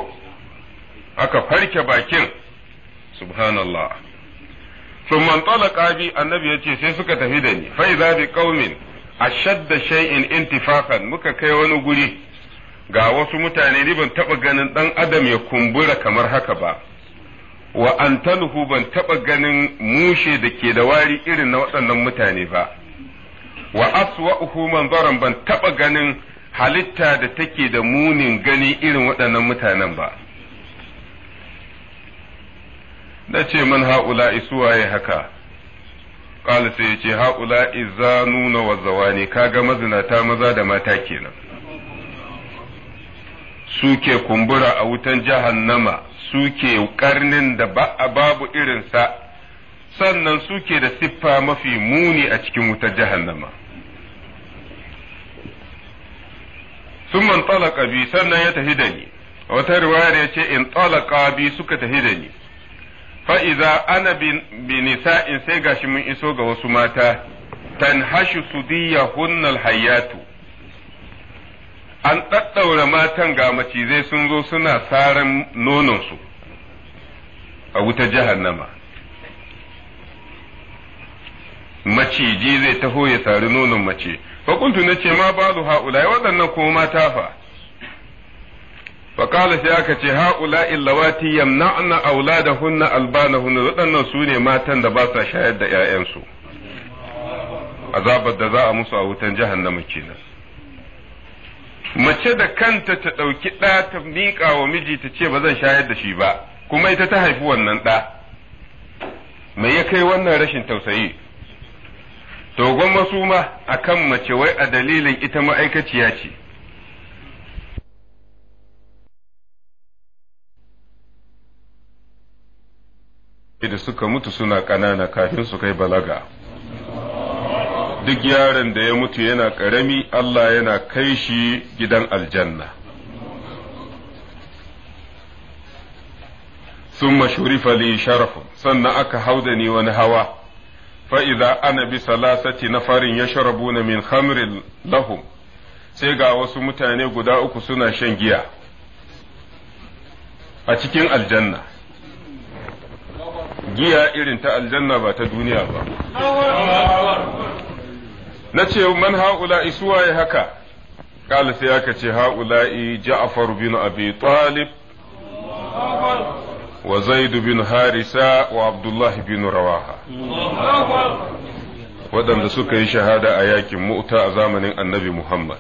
[SPEAKER 1] aka farke bakin subhanallah ثم انطلق annabi ya yace sai suka tafi da ni fa idza bi qaumin ashadda shay'in intifaqan muka kai wani guri ga wasu mutane ni ban taɓa ganin ɗan adam ya kumbura kamar haka ba wa an ban taɓa ganin mushe da ke da wari irin na waɗannan mutane ba wa aswa'uhu manzaran ban taɓa ganin halitta da take da munin gani irin waɗannan mutanen ba na ce man ha'ula isuwaye haka ƙala sai ya ce ha'ula nuna wa zawani kaga mazinata maza da mata kenan suke kumbura a wutan jahannama suke karnin da babu irinsa sannan suke da siffa mafi muni a cikin wutar jahannama sun man talaka bi sannan ya tafi da ni wata riwayar ya ce in talaka bi suka tafi da ni fa'iza ana bi in sai gashi mun iso ga wasu mata tanhashu sudiyahunnal hayatu an ɗaɗɗaura matan ga macizai sun zo suna saran nononsu a wuta jahannama maciji zai taho ya sari nonon mace fakuntu na ce ma balu ha'ula waɗannan kuma mata fa faƙala sai aka ce ha'ula illawati yamna'na albana albanahunna waɗannan su ne matan da ba sa shayar da ‘ya'yansu azabar da za a musu a wutan jahannama kenan mace da kanta ta ɗauki ɗa ta miƙa wa miji ta ce ba zan shayar da shi ba kuma ita ta haifi wannan ɗa mai ya kai wannan rashin tausayi dogon masuma ma akan mace wai a dalilin ita ma'aikaciya ce da suka mutu suna ƙanana kafin su kai balaga duk yaron da ya mutu yana ƙarami Allah yana kai shi gidan aljanna Sun shurifa li sannan aka hauda ni wani hawa fa'iza ana bi salasati na farin ya na min khamrin lahum sai ga wasu mutane guda uku suna shan giya a cikin aljanna giya irin ta aljanna ba ta duniya
[SPEAKER 3] ba
[SPEAKER 1] na ce man ha'ula'i suwaye haka kala sai aka ce ha'ula'i ja'far bin abi talib wa zaidu bin harisa wa abdullahi bin rawaha waɗanda suka yi shahada a yakin mu'ta a zamanin annabi muhammad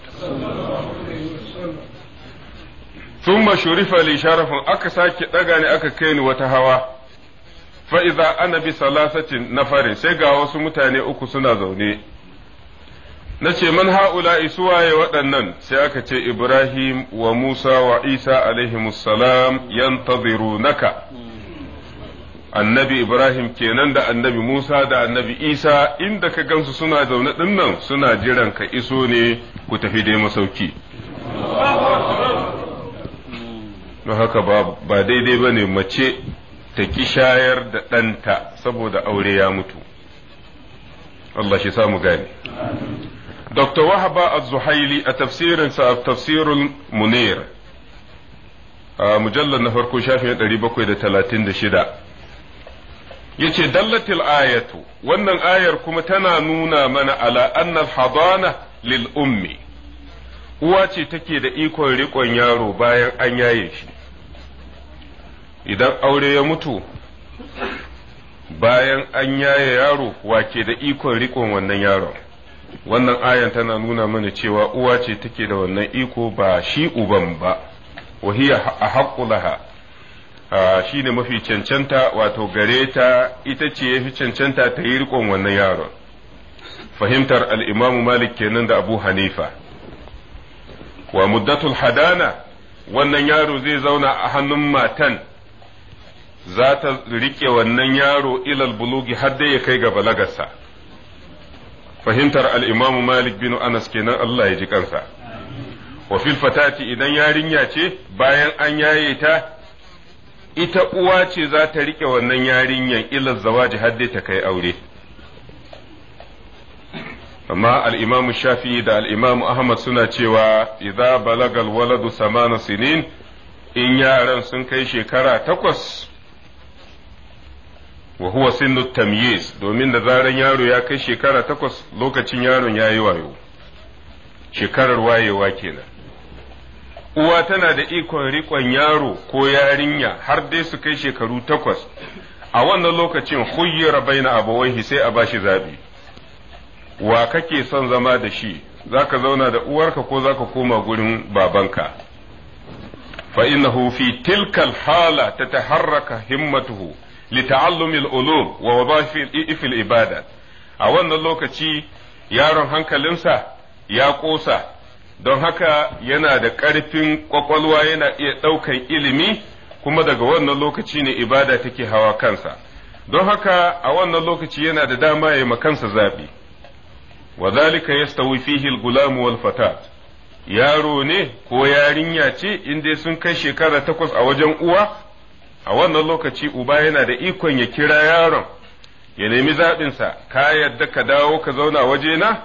[SPEAKER 1] ثم شرف sharafin aka sake ɗaga ni aka kai ni wata hawa fa'iza ana bi na farin sai ga wasu mutane uku suna zaune na ce man ha’ula suwaye waɗannan sai aka ce Ibrahim wa Musa wa Isa alaihimussalam naka annabi Ibrahim kenan da annabi Musa da annabi Isa inda ka gansu suna zaune dinnan suna jiran ka iso ne ku tafi dai masauki don haka ba daidai bane mace ta ki shayar da ɗanta saboda aure ya mutu Allah shi samu gane Dr. Wahaba Az-Zuhaili a tafsirinsa a tafsirul Munir a mujallar na farko shafin 736 yace dallatil ayatu wannan ayar kuma tana nuna mana ala annal hadana lil ummi uwa ce take da ikon riƙon yaro bayan an yaye shi idan aure ya mutu bayan an yaye yaro wa ke da ikon riƙon wannan yaron wannan ayan tana nuna mana cewa uwa ce take da wannan iko ba shi uban ba hiya a haƙulaha shi ne mafi cancanta wato gare ta ita ce ya fi cancanta ta yi riƙon wannan yaron fahimtar al'imamu malik kenan da abu hanifa wa muddatul hadana wannan yaro zai zauna a hannun matan za ta riƙe wannan yaro ilal bulugi har dai ya kai ga balagarsa fahimtar al'imamu malik bin anas kenan Allah ya ji kansa wa fil fatati idan yarinya ce bayan an yaye ta ita uwa ce za ta riƙe wannan yarinyan ilar zawaji har dai ta kai aure amma al'imamu shafi da al'imamu ahmad suna cewa idza balagal waladu samana sinin in yaran sun kai shekara takwas wa huwa sinnu tamyiz domin da zaran yaro ya kai shekara takwas lokacin yaron ya yi wayo shekarar wayewa kenan uwa tana da ikon riƙon yaro ko yarinya har dai su kai shekaru takwas a wannan lokacin khuyyira baina abawaihi sai a bashi zabi wa kake son zama da shi zaka zauna da uwarka ko zaka koma gurin babanka fa innahu fi tilkal hala tataharraka himmatuhu lita'allumil ulum wa wabafil ibada a wannan lokaci yaron hankalinsa ya ƙosa don haka yana da ƙarfin ƙwaƙwalwa yana iya ɗaukan ilimi kuma daga wannan lokaci ne ibada take hawa kansa don haka a wannan lokaci yana da dama ya makansa zaɓi wa zalika yastawi fihi al-gulam wal fata yaro ne ko yarinya ce in dai sun kai shekara takwas a wajen uwa a wannan lokaci uba yana da ikon ya kira yaron ya nemi zaɓinsa ka yarda ka dawo ka zauna wajena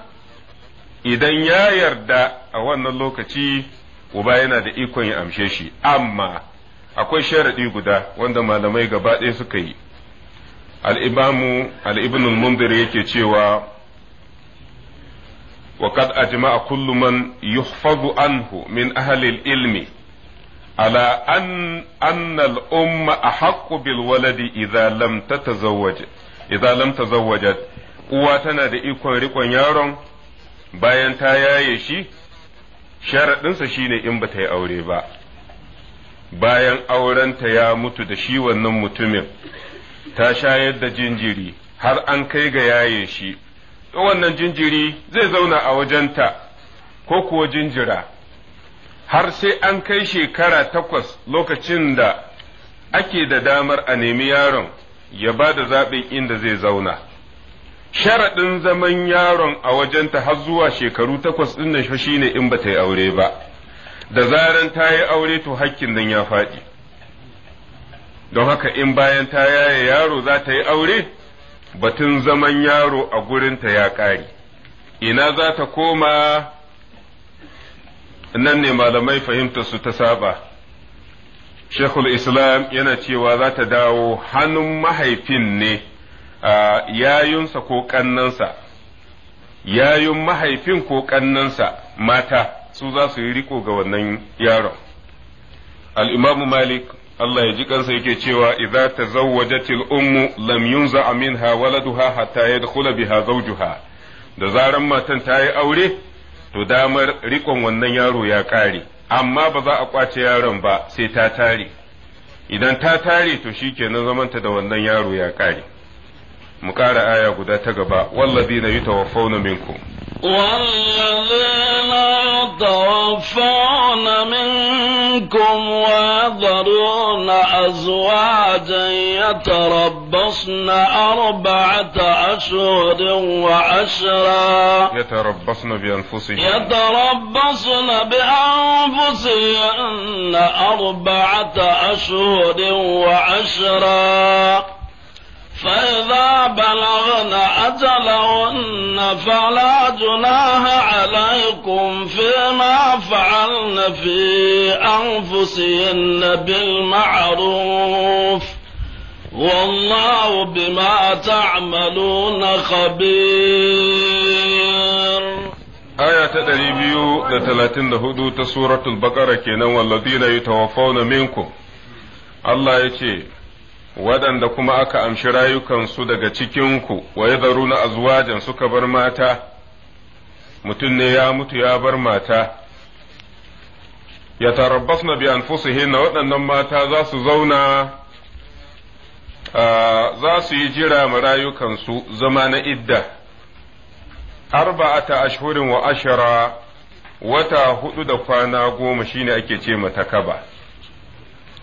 [SPEAKER 1] idan ya yarda a wannan lokaci uba yana da ikon ya amshe shi amma akwai sharaɗi guda wanda malamai gaba ɗaya suka yi al'ibamu al'ibinul mundir yake cewa وقد أجمع كل من يحفظ عنه min أهل ilmi ala an annal umma ahaqqu bil waladi idza uwa tana da ikon rikon yaron bayan ta yaye shi sharaɗinsa shine in ba ta yi aure ba bayan aurenta ya mutu da shi wannan mutumin ta shayar da jinjiri har an kai ga yaye shi wannan jinjiri zai zauna a wajenta ko kuwa jinjira har sai an kai shekara takwas lokacin da ake da damar a nemi yaron ya ba da zaɓin inda zai zauna. Sharaɗin zaman yaron a wajenta har zuwa shekaru takwas ɗin nan shi ne in ba ta yi aure ba, da zaran ta yi aure to hakkin nan ya faɗi. Don haka in bayan ta yaya yaro za ta yi aure, batun zaman yaro a gurinta ya ƙare. Ina za ta koma nan ne malamai fahimtar su ta saba shekul islam yana cewa za ta dawo hannun mahaifin ne a yayunsa ko kannansa yayun mahaifin ko kannansa mata su za su yi riko ga wannan yaron al'imamu malik Allah ya ji kansa yake cewa idza tazawwajatil ummu lam yunza minha waladuha hatta yadkhula biha zawjuha da zaran matan ta yi aure to damar rikon wannan yaro ya ƙare amma ba za a kwace yaron ba sai ta tare idan ta tare to shi kenan ta da wannan yaro ya ƙare mu ƙara aya guda ta gaba na yutawaffawna minkum والذين
[SPEAKER 2] يتوفون منكم ويذرون أزواجا يتربصن أربعة أشهر وعشرا
[SPEAKER 1] يتربصن بأنفسهن
[SPEAKER 2] يتربصن بأنفسهن أربعة أشهر وعشرا فإذا بلغن أجلهن فلا جناح عليكم فيما فعلن في أنفسهن بالمعروف والله بما تعملون خبير
[SPEAKER 1] آية تدريبيو لتلاتين دهدو تسورة البقرة كينا والذين يتوفون منكم الله يتشيه waɗanda kuma aka amshi rayukansu daga cikinku wa ya zaru na azwajan suka bar mata mutum ne ya mutu ya bar mata ya tarabbas na biyan na waɗannan mata za su zauna za su yi jira ma rayukansu zama na idda arba'ata ashhurin wa ashara wata hudu da kwana goma shine ake ce mata kaba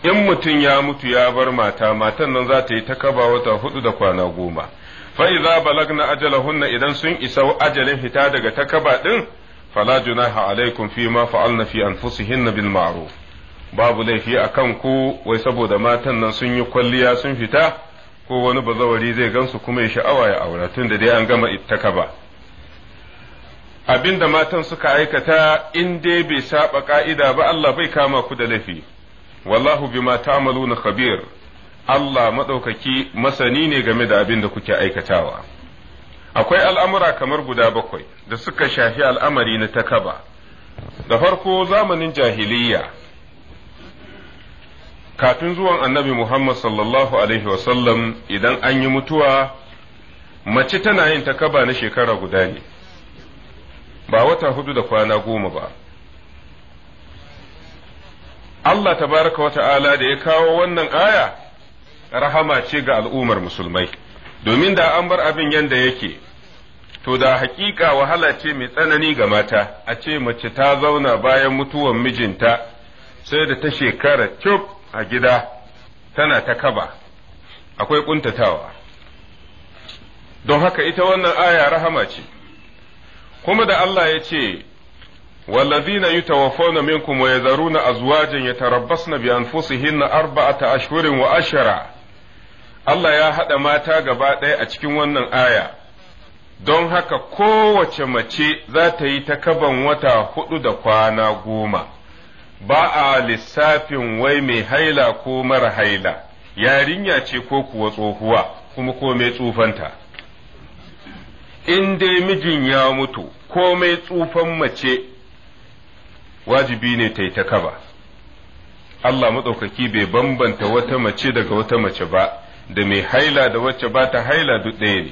[SPEAKER 1] in mutum ya mutu ya bar mata matan nan za ta yi ta kaba wata hudu da kwana goma fa idza balagna ajalahunna idan sun isa ajalin fita daga takaba din fala junaha alaikum fi ma fa'alna fi anfusihinna bil ma'ruf babu laifi akan ku wai saboda matan nan sun yi kwalliya sun fita ko wani bazawari zai gansu kuma ya sha'awa ya aura tun da dai an gama takaba. abinda matan suka aikata in dai bai saba ka'ida ba Allah bai kama ku da laifi wallahu bima ta'maluna khabir Allah madaukaki masani ne game da abin da kuke aikatawa akwai al'amura kamar guda bakwai da suka shafi al'amari na takaba da farko zamanin jahiliyya kafin zuwan annabi Muhammad sallallahu alaihi wasallam idan an yi mutuwa mace tana yin takaba na shekara guda ne ba wata hudu da kwana goma ba Allah ta tabaraka wa ta'ala da ya kawo wannan aya rahama ce ga al'ummar musulmai domin da an bar abin yanda yake to da haƙiƙa wahala ce mai tsanani ga mata a ce mace ta zauna bayan mutuwan mijinta sai da ta shekara cuk a gida tana ta kaba akwai ƙuntatawa. don haka ita wannan aya rahama ce kuma da Allah ya ce والذين يتوفون منكم ويذرون أزواجا يتربصن بأنفسهن أربعة أشهر وأشرا Allah ya haɗa mata gaba ɗaya a cikin wannan aya, don haka kowace mace za ta yi ta kaban wata huɗu da kwana goma, ba a lissafin wai mai haila ko mara haila, yarinya ce ko kuwa tsohuwa kuma ko mai tsufanta. In dai mijin ya mutu, ko mai tsufan mace wajibi ne ta yi ta kaba Allah matsaukaki bai bambanta wata mace daga wata mace ba da mai haila da wacce ba ta haila duk ɗaya ne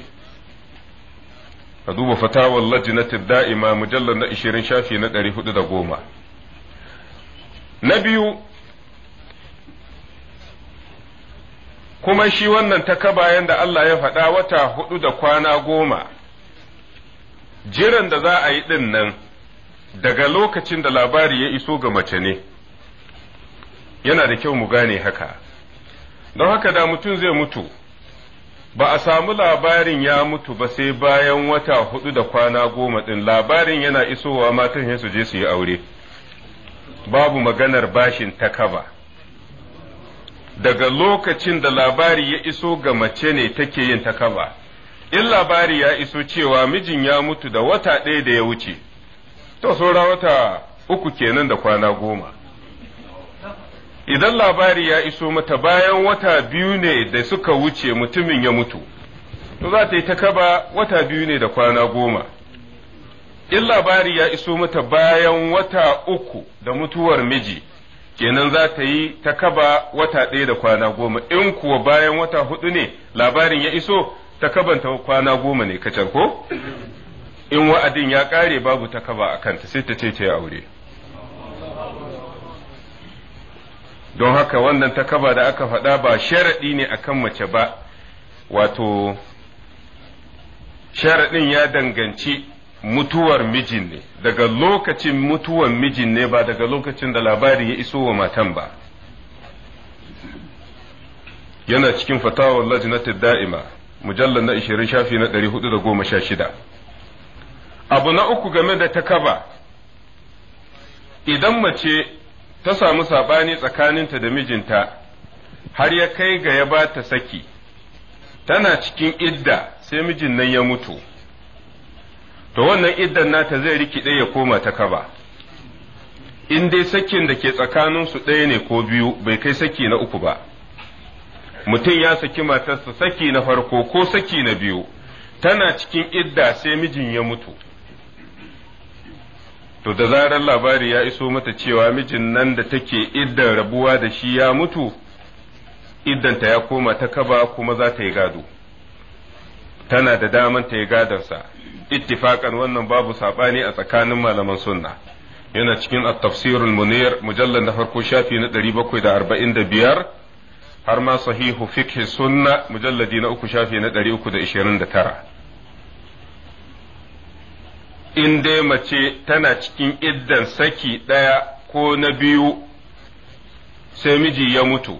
[SPEAKER 1] ka duba fatawar lajinatin da'ima mujallar na 20 shafi na 410 na biyu kuma shi wannan ta kaba yadda Allah ya faɗa wata hudu da kwana goma jiran da za a yi ɗin nan daga lokacin da labari ya iso ga mace ne yana da kyau mu gane haka don haka da mutum zai mutu ba a samu labarin ya mutu ba sai bayan wata hudu da kwana goma ɗin labarin yana isowa matan ya su je su yi aure babu maganar bashin ta kaba daga lokacin da labari ya iso ga mace ne take yin ta kaba in labari ya iso cewa mijin ya mutu da wata ɗaya da ya wuce to saura wata uku kenan da kwana goma idan labari ya iso mata bayan wata biyu ne da suka wuce mutumin ya mutu to za ta yi ta kaba wata biyu ne da kwana goma in labari ya iso mata bayan wata uku da mutuwar miji kenan za ta yi ta kaba wata ɗaya da kwana goma in kuwa bayan wata hudu ne labarin ya iso ta kabanta kwana goma ne kacar ko in wa'adin ya ƙare babu ta kaba a kanta sai ta ce ta yi aure don haka wannan ta kaba da aka faɗa ba sharaɗi ne akan mace ba wato sharaɗin ya danganci mutuwar mijin ne daga lokacin mutuwar mijin ne ba daga lokacin da labari ya iso wa matan ba yana cikin fatawar lajinatar da'ima mujallar na 20 shafi na 416 abu na uku game da ta kaba. idan mace ta samu saɓani tsakaninta da mijinta har ya kai ga ya ba ta saki tana cikin idda sai mijin nan ya mutu to wannan iddan nata zai rikide ya koma ta kaba. in dai sakin da ke tsakaninsu ɗaya ne ko biyu bai kai saki na uku ba mutum ya saki matarsa saki na farko ko saki na biyu tana cikin idda sai mijin ya mutu to da zarar labari ya iso mata cewa mijin nan da take iddan rabuwa da shi ya mutu iddanta ya koma ta kaba kuma za ta yi gado tana da daman ta yi gadonsa ittifakan wannan babu saɓani a tsakanin malaman sunna yana cikin at-tafsirul munir mujallal na farko shafi na 745 har ma sahihu fiqh sunna mujalladi na uku shafi na 329 in dai mace tana cikin iddan saki ɗaya ko na biyu sai miji ya mutu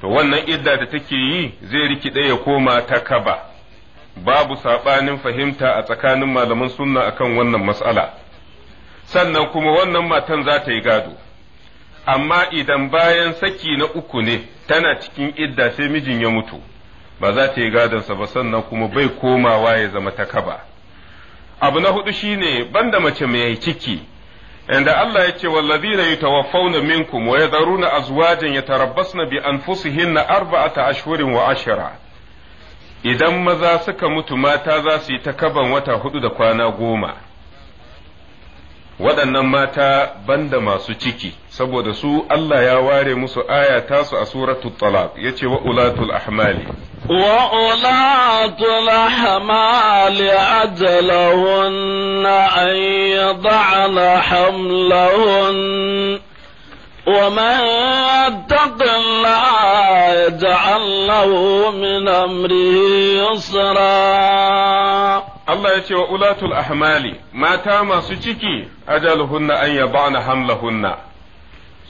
[SPEAKER 1] to wannan idda da take yi zai rikide ya koma ta kaba babu saɓanin fahimta a tsakanin malaman sunna akan wannan matsala sannan kuma wannan matan za ta yi gado amma idan bayan saki na uku ne tana cikin idda sai mijin ya mutu ba za ta yi gadonsa ba sannan kuma bai komawa ya zama ta kaba abu na hudu shine banda mace mai ciki inda Allah ya ce wallazina yatawaffawna minkum wa yadharuna azwajan yatarabbasna bi anfusihinna arba'ata ashhurin wa ashara idan maza suka mutu mata za su yi ta kaban wata hudu da kwana goma waɗannan mata banda masu ciki saboda su Allah ya ware musu aya tasu a suratul talaq yace wa ulatul ahmali
[SPEAKER 2] وأولاة الأحمال أجلهن أن يضعن حملهن ومن يتق الله يجعل له من أمره يسرا
[SPEAKER 1] Allah ya ce wa ulatul ahmali mata masu ciki ajaluhunna an yaba'na hamlahunna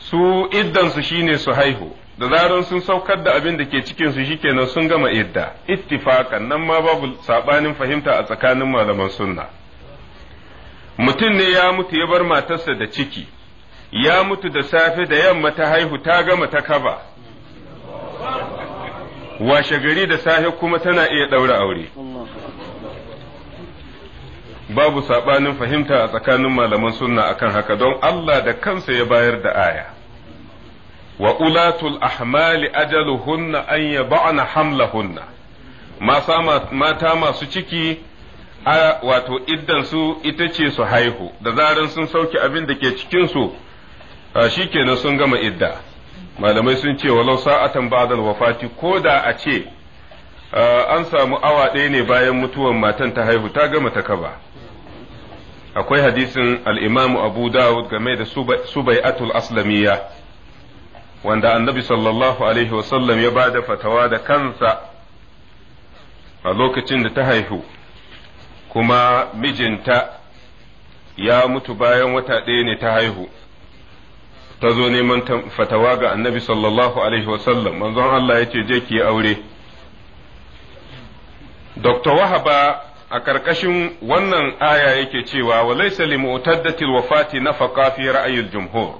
[SPEAKER 1] su iddansu shine su haihu da zaran sun saukar da abin da ke cikin su kenan sun gama idda ittifakan nan ma babu sabanin fahimta a tsakanin malaman sunna mutum ne ya mutu ya bar matarsa da ciki ya mutu da safe da yamma ta haihu ta gama ta kaba washe gari da safe kuma tana iya ɗaura aure babu saɓanin fahimta a tsakanin malaman sunna akan haka don Allah da kansa ya bayar da aya wa ulatul ahmali ajaluhunna an hamla hunna mata masu ciki a wato iddansu ita ce su haihu da zaran sun sauke abin da ke cikinsu Shi kenan sun gama idda malamai sun ce wa walau sa'atan ba'dal wafati ko da ace ce an samu awa ɗaya ne bayan mutuwan matan ta haihu ta gama ta kaba akwai hadisin al-imamu abu dawud game da subai'atul aslamiyya wanda annabi sallallahu alaihi wasallam ya ba da fatawa da kansa a lokacin da ta haihu kuma mijinta ya mutu bayan wata ɗaya ne ta haihu ta zo neman fatawa ga annabi sallallahu alaihi wasallam manzon Allah ya ce je ki aure Dr. Wahaba a ƙarƙashin wannan aya yake cewa wa laysa li wafati nafaqa fi ra'yil jumhur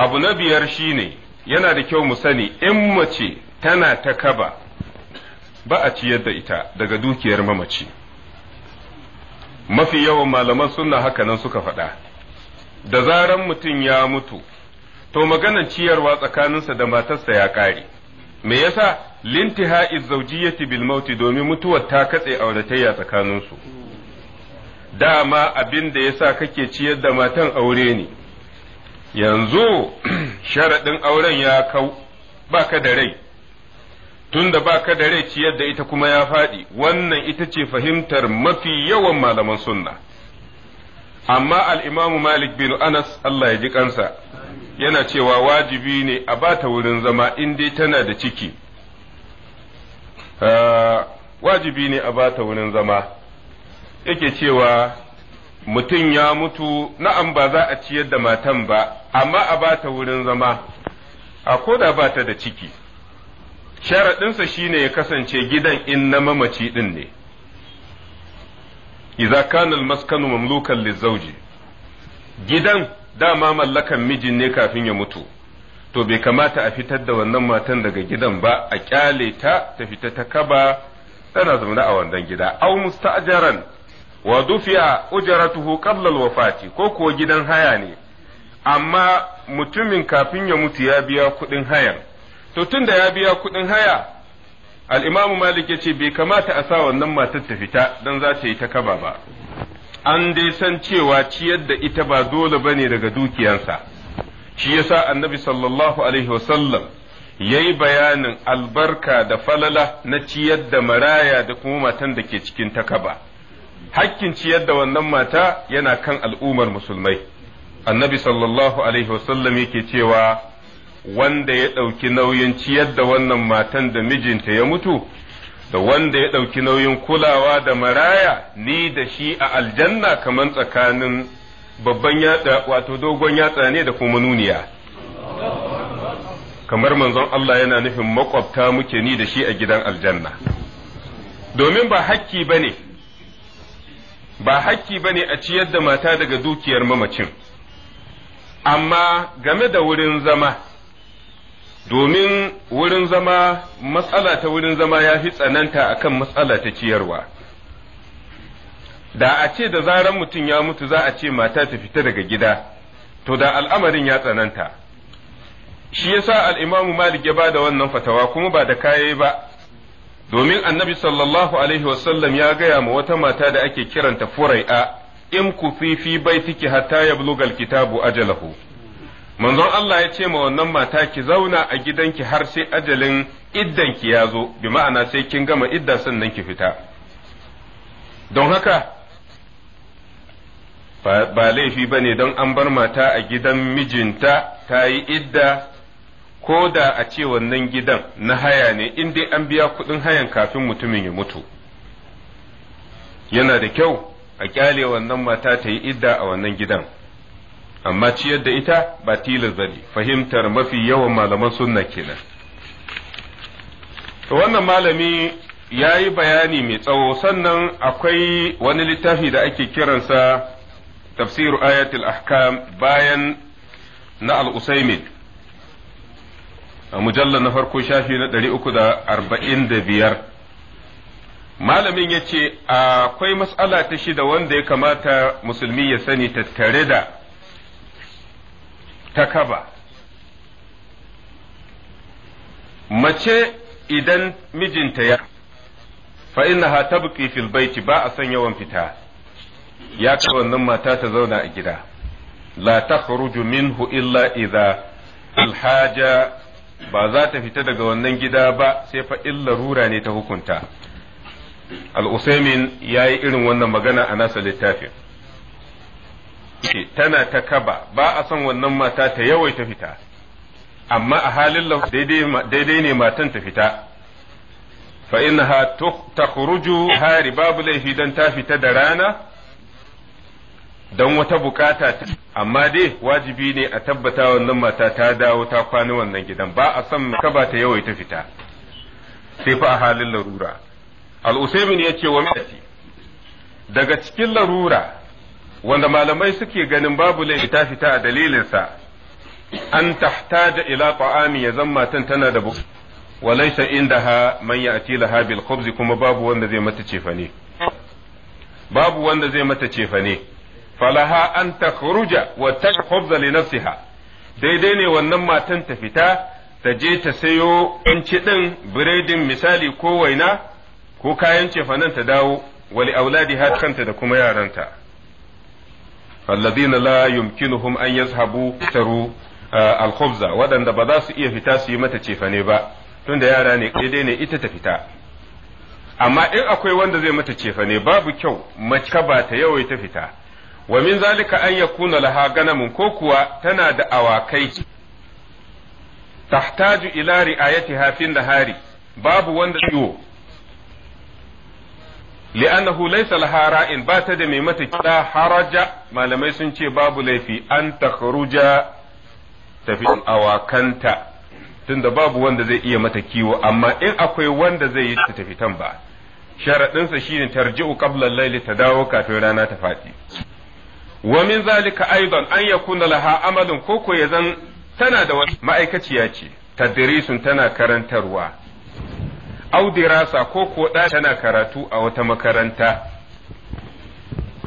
[SPEAKER 1] abu na biyar shine yana da kyau mu sani in mace tana ta kaba ba a ciyar da ita daga dukiyar mamaci mafi yawan malaman sunna haka nan suka faɗa da zaran mutum ya mutu to maganan ciyarwa tsakaninsa da matarsa ya ƙare me yasa lintihai zawjiyati bil mauti domin mutuwar ta katse auratayya tsakaninsu dama abin da yasa kake ciyar da matan aure ne yanzu sharaɗin auren ya kau baka da rai tunda baka da rai ciyar da ita kuma ya faɗi wannan ita ce fahimtar mafi yawan malaman sunna amma al'imamu malik bin anas Allah ya ji kansa yana cewa wajibi ne a bata wurin zama in dai tana da ciki ah, wajibi ne a bata wurin zama yake cewa mutum ya mutu na'am ba za a ciyar da matan ba amma a ba ta wurin zama a koda ba ta da ciki sharaɗinsa shi ne ya kasance gidan in na mamaci ɗin ne Iza maskanu mamlukan lizauji, gidan dama mallakan mijin ne kafin ya mutu to bai kamata a fitar da wannan matan daga gidan ba a kyale ta ta fita ta kaba tana zaune a wannan gida au musta'jaran wa dufi'a ujratuhu qabla al-wafati ko kuwa gidan haya ne amma mutumin kafin ya mutu ya biya kuɗin hayan to tunda ya biya kuɗin haya al-imamu malik yace bai kamata a sa wannan matar ta fita dan za ta yi ta kaba ba an dai san cewa ciyar da ita ba dole bane daga dukiyarsa. shi yasa annabi sallallahu alaihi wasallam yayi bayanin albarka da falala na ciyar da maraya da kuma matan da ke cikin takaba hakkin ciyar da wannan mata yana kan al'ummar musulmai annabi sallallahu alaihi wasallam yake cewa wanda ya ɗauki nauyin ciyar da wannan matan da mijinta ya mutu da wanda ya ɗauki nauyin kulawa da maraya ni da shi a aljanna kamar tsakanin babban yatsa wato dogon yatsa ne da kuma nuniya kamar manzon Allah yana nufin makwabta muke ni da shi a gidan aljanna domin ba hakki ba ne ba hakki ba ne a ciyar da mata daga dukiyar mamacin amma game da wurin zama domin wurin zama matsala ta wurin zama ya fi tsananta kan matsala ta ciyarwa da a ce da zaran mutum ya mutu za a ce mata ta fita daga gida to da al'amarin ya tsananta shi yasa al'imamu malik ya ba da wannan fatawa kuma ba da kayayi ba domin annabi sallallahu alaihi wasallam ya gaya ma wata mata da ake kiranta furai'a in ku fi fi baitiki hatta ya bulugal kitabu ajalahu manzon Allah ya ce ma wannan mata ki zauna a gidanki har sai ajalin iddan ki ya zo bi ma'ana sai kin gama idda sannan ki fita don haka ba laifi ba ne don an bar mata a gidan mijinta ta yi idda ko da a ce wannan gidan na haya ne in dai an biya kuɗin hayan kafin mutumin ya mutu yana da kyau a kyale wannan mata ta yi idda a wannan gidan amma ciyar da ita ba tilas fahimtar mafi yawan malaman sunna kenan to wannan malami ya yi bayani mai tsawo sannan akwai wani littafi da ake kiransa tafsiru ayatul ahkam bayan na al mujallar na farko shafi na ɗari uku da arba'in da biyar malamin ya ce akwai matsala ta shida wanda ya kamata musulmi ya sani tattare da takaba mace idan mijinta ya fa innaha tabqi ba a son yawan fita ya ce wannan mata ta zauna a gida la takhruju minhu illa idza alhaja ba za ta fita daga wannan gida ba sai fa illa rura ne ta hukunta al'usaimin ya yi irin wannan magana a nasa littafin tana ta kaba ba a son wannan mata ta ta fita amma a halin daidai ne matan ta fita fa innaha ta kuruju hari babu laifi don ta fita da rana don wata bukata ta amma dai wajibi ne a tabbata wannan mata ta dawo ta kwana wannan gidan ba a san ka ba ta yawaita fita sai fa a halin larura al-usaymin yace wa daga cikin larura wanda malamai suke ganin babu laifi ta fita a dalilinsa an tahtaja ila ta'ami ya zan matan tana da walaisa walaysa indaha man ya'ti laha bil khubz kuma babu wanda zai mata cefane babu wanda zai mata cefane falaha an takhruja wa tashkhubza li nafsiha daidai ne wannan matan ta fita ta je ta sayo inci din biredin misali ko waina ko kayan cefanen ta dawo wali auladi har kanta da kuma yaranta alladhina la yumkinuhum an yazhabu taru uh, alkhubza waɗanda ba za su iya fita su yi mata cefane ba tunda yara ne daidai ne ita ta fita amma in akwai wanda zai mata cefane babu kyau mace yawai ta fita wa min zalika an yakuna laha ganamun ko kuwa tana da awakai tahtaju ila ri'ayatiha fi nahari babu wanda yo li'annahu laysa laha ra'in ba ta da mai mata kida haraja malamai sun ce babu laifi an takhruja tafi awakanta tunda babu wanda zai iya mata kiwo amma in akwai wanda zai yi ta tafi tan ba sharaɗinsa shine tarji'u qabla al-layli ta dawo kafin rana ta faɗi wa min zalika aidan an yakuna laha amalun koko ya zan tana da wani ma'aikaciya ce tadrisun tana karantarwa Audirasa ko koko tana karatu a wata makaranta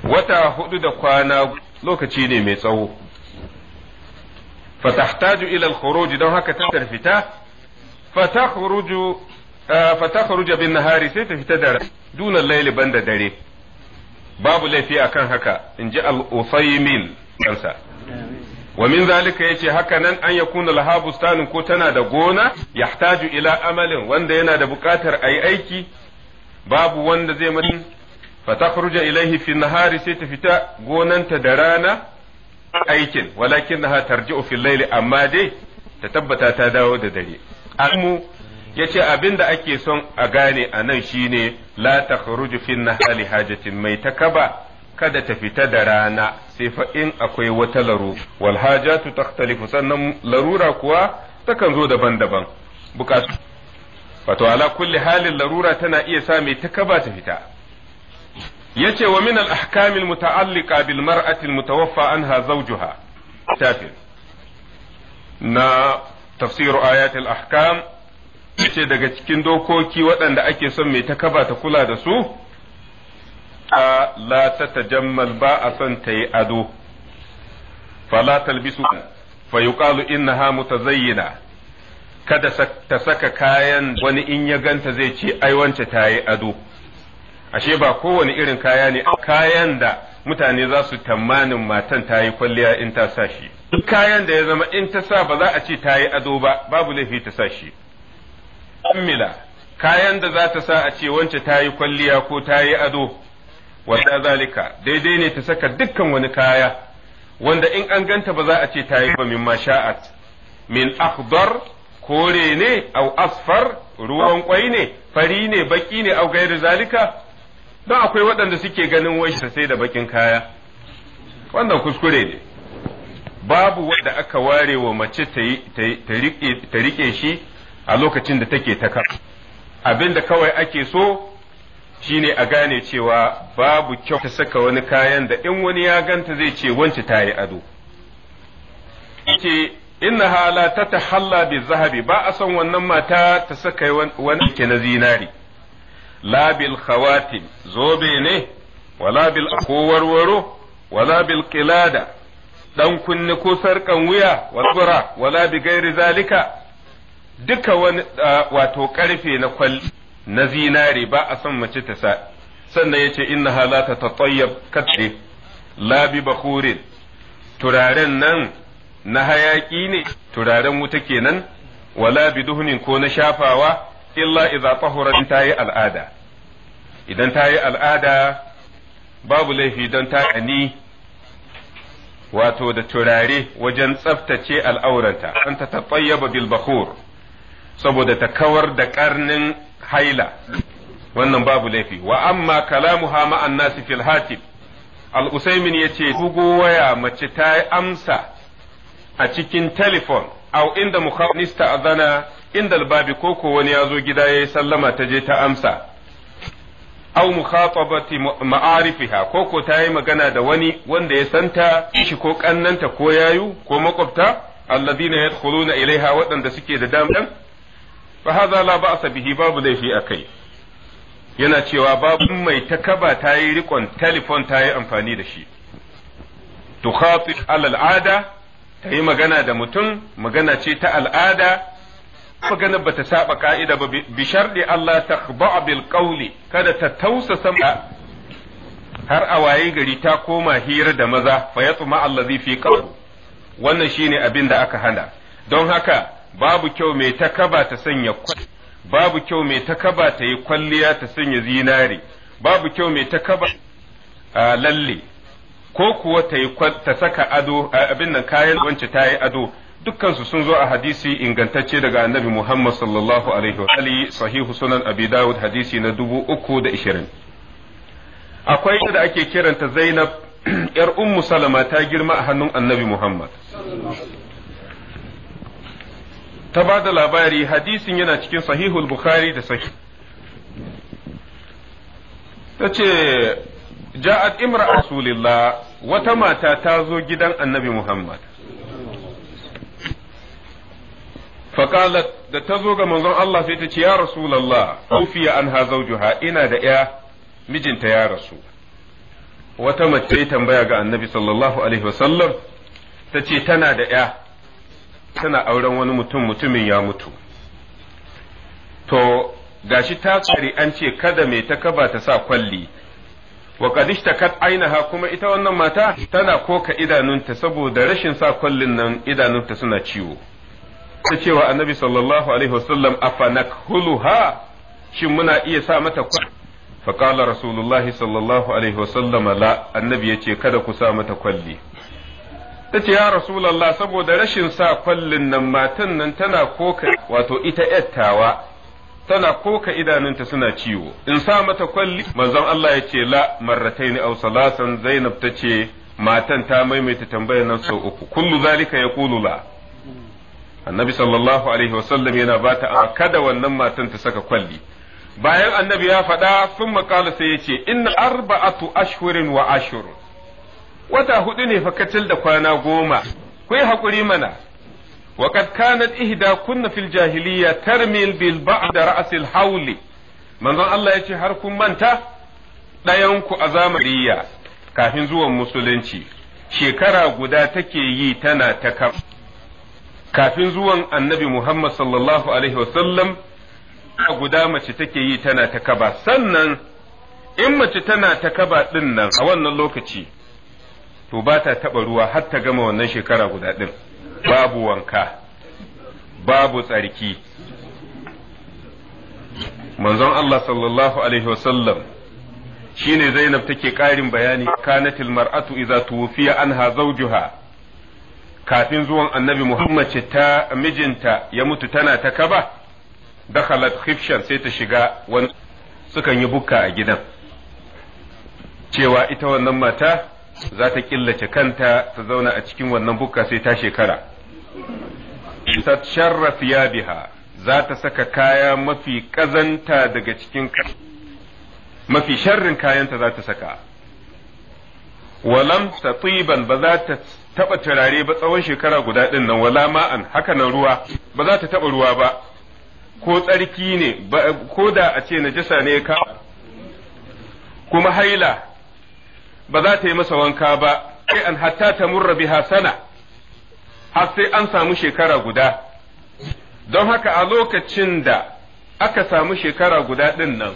[SPEAKER 1] wata hudu da kwana lokaci ne mai tsawo fatahtaju ila al-khuruj don haka ta fita fatakhruju eh, fatakhruju bin nahari sai ta fita da duna laili da dare babu laifi a kan haka in ji al kansa wa min zalika yace haka nan an yakuna laha bustanin ko tana da gona yahtaju ila amalin wanda yana da buƙatar ayi aiki babu wanda zai mata fatakhruja ilaihi fi nahari sai ta fita gonanta da rana aikin walakin naha tarji'u fil layli amma dai ta tabbata ta dawo da dare almu yace abin da ake son a gane a nan shine la takhruju fi nahali hajatin mai takaba kada ta fita da rana sai fa in akwai wata laro wal hajatu takhtalifu sannan larura kuwa takan zo daban-daban bukatu wato ala kulli halin larura tana iya sa mai takaba ta fita yace wa min al ahkam al muta'alliqa bil mar'ati al mutawaffa anha zawjuha tafsir na tafsir ayat al ahkam ce daga cikin dokoki waɗanda ake son mai ta kaba ta kula da su a la ta tajammal ba a son ta yi ado fala talbisu fa yuqalu innaha mutazayyina kada ta saka kayan wani in ya ganta zai ce ai wance ta yi ado ashe ba kowane irin kaya ne kayan da mutane za su tamanin matan ta yi kwalliya in ta sa duk kayan da ya zama in ta sa ba za a ce ta yi ado ba babu laifi ta sa shi mu'ammila kayan da za ta sa a ce wance ta yi kwalliya ko ta yi ado wanda zalika daidai ne ta saka dukkan wani kaya wanda in an ganta ba za a ce ta yi ba min masha'at min akhdar kore ne au asfar ruwan kwai ne fari ne baki ne au gairu zalika don akwai waɗanda suke ganin wai sai da bakin kaya wannan kuskure ne babu wanda aka ware wa mace ta riƙe shi a lokacin da take ta kar abin da kawai ake so shine a gane cewa babu kyau ta saka wani kayan da in wani ya ganta zai ce wance ta yi ado ce inna hala ta ta halla bi zahabi ba a son wannan mata ta saka wani ke na zinari Labil bil zobe ne wala bil ko warwaro wala bil qilada dan kunne ko sarkan wuya wala bi gairi zalika duka wani wato karfe na kwal na zinare ba a son mace ta sa sannan ya ce inna halata ta tsayyab katse labi bakurin turaren nan na hayaki ne turaren wuta kenan wala duhunin ko na shafawa illa idza tahura ta yi al'ada idan ta yi al'ada babu laifi don ta ani wato da turare wajen tsaftace al'auranta anta ta bil bakhur saboda ta kawar da karnin haila wannan babu laifi wa amma kalamuha ma'an nasi fil hatib al-usaymin yace bugo waya mace ta amsa a cikin telefon au inda mukhawnista azana inda albabi koko wani yazo gida yayi sallama ta je ta amsa au mukhatabati ma'arifiha koko ta yi magana da wani wanda ya santa shi ko kannanta ko yayu ko makwabta alladhina yadkhuluna ilaiha waɗanda suke da damdan fa hadha la ba'sa bihi babu laifi kai yana cewa babu mai takaba ta yi rikon telefon ta yi amfani da shi tukhafi al'ada ta yi magana da mutum magana ce ta al'ada magana ba ta saba ka'ida ba bi sharɗi Allah ta bil qawli kada ta tausa sama har a waye gari ta koma hira da maza fa Allah zai fi wannan shine abin da aka hana don haka babu kyau mai takaba ta sanya kwalliya babu kyau mai takaba ta yi kwalliya ta sanya zinare babu kyau mai takaba a lalle ko kuwa ta yi ta saka ado abin nan kayan wance ta yi ado dukkansu sun zo a hadisi ingantacce daga annabi Muhammad sallallahu alaihi wa alihi sahihu sunan abi dawud hadisi na dubu uku da ishirin akwai da ake kiranta zainab yar ummu salama ta girma a hannun annabi Muhammad ta ba da labari hadisin yana cikin sahihul bukhari da sahih ta ce ja'at imra rasulillah wata mata ta zo gidan annabi muhammad faƙalat da ta zo ga manzon Allah sai ta ce ya rasulallah ufiya an ha zaujuha ina da ya mijinta ya rasu wata mace tambaya ga annabi sallallahu alaihi wasallam ta ce tana da ya tana auren wani mutum mutumin ya mutu to gashi ta tsari an ce kada mai ta kaba ta sa kwalli wa kadishta kat ainaha kuma ita wannan mata tana koka idanunta saboda rashin sa kwallin nan idanunta suna ciwo ta cewa annabi sallallahu alaihi wasallam huluha shin muna iya sa mata kwalli fa qala rasulullahi sallallahu alaihi wasallam la annabi yace kada ku sa mata kwalli ta ce ya rasulallah saboda rashin sa kwallin nan matan nan tana koka wato ita yattawa tana koka idanunta suna ciwo in sa mata kwalli manzon Allah ya ce la marrataini aw salasan zainab ta ce matan ta maimaita tambayar nan sau uku kullu zalika yaqulu la annabi sallallahu alaihi wasallam yana bata kada wannan matan ta saka kwalli bayan annabi ya faɗa sun makala sai ya ce inna arba'atu ashhurin wa ashhurun wata hudu ne fakatil da kwana goma ku yi haƙuri mana kunna fil jahiliya tarmil bil الجاهلية ترمي بالبعض رأس Allah من الله يتي har kun ɗayanku a zamaniya kafin zuwan musulunci shekara guda take yi tana ta kafin zuwan annabi Muhammad sallallahu Alaihi wasallam guda mace take yi tana ta kaba sannan in mace tana ta kaba ɗin a wannan lokaci to ba ta taɓa ruwa har ta gama wannan shekara guda ɗin babu wanka babu tsarki manzon Allah sallallahu alaihi wasallam shine Zainab take ƙarin bayani kanatil mar'atu iza tuwfiya anha zawjuha kafin zuwan annabi Muhammad ce ta mijinta ya mutu tana ta kaba dakhalat khifshan sai ta shiga wani sukan yi bukka a gidan cewa ita wannan mata za ta killace kanta ta zauna a cikin wannan bukka sai ta shekara ta sharrafiya biha za ta saka kaya mafi kazanta daga cikin mafi sharrin kayanta za ta saka walam ta ba za ta taba turare ba tsawon shekara guda din nan wala ma'an haka nan ruwa ba za ta taba ruwa ba ko tsarki ne ko da a ce najasa ne ka kuma haila ba za ta yi masa wanka ba sai an hatta ta murra biha sana har sai an samu shekara guda don haka a lokacin da aka samu shekara guda din nan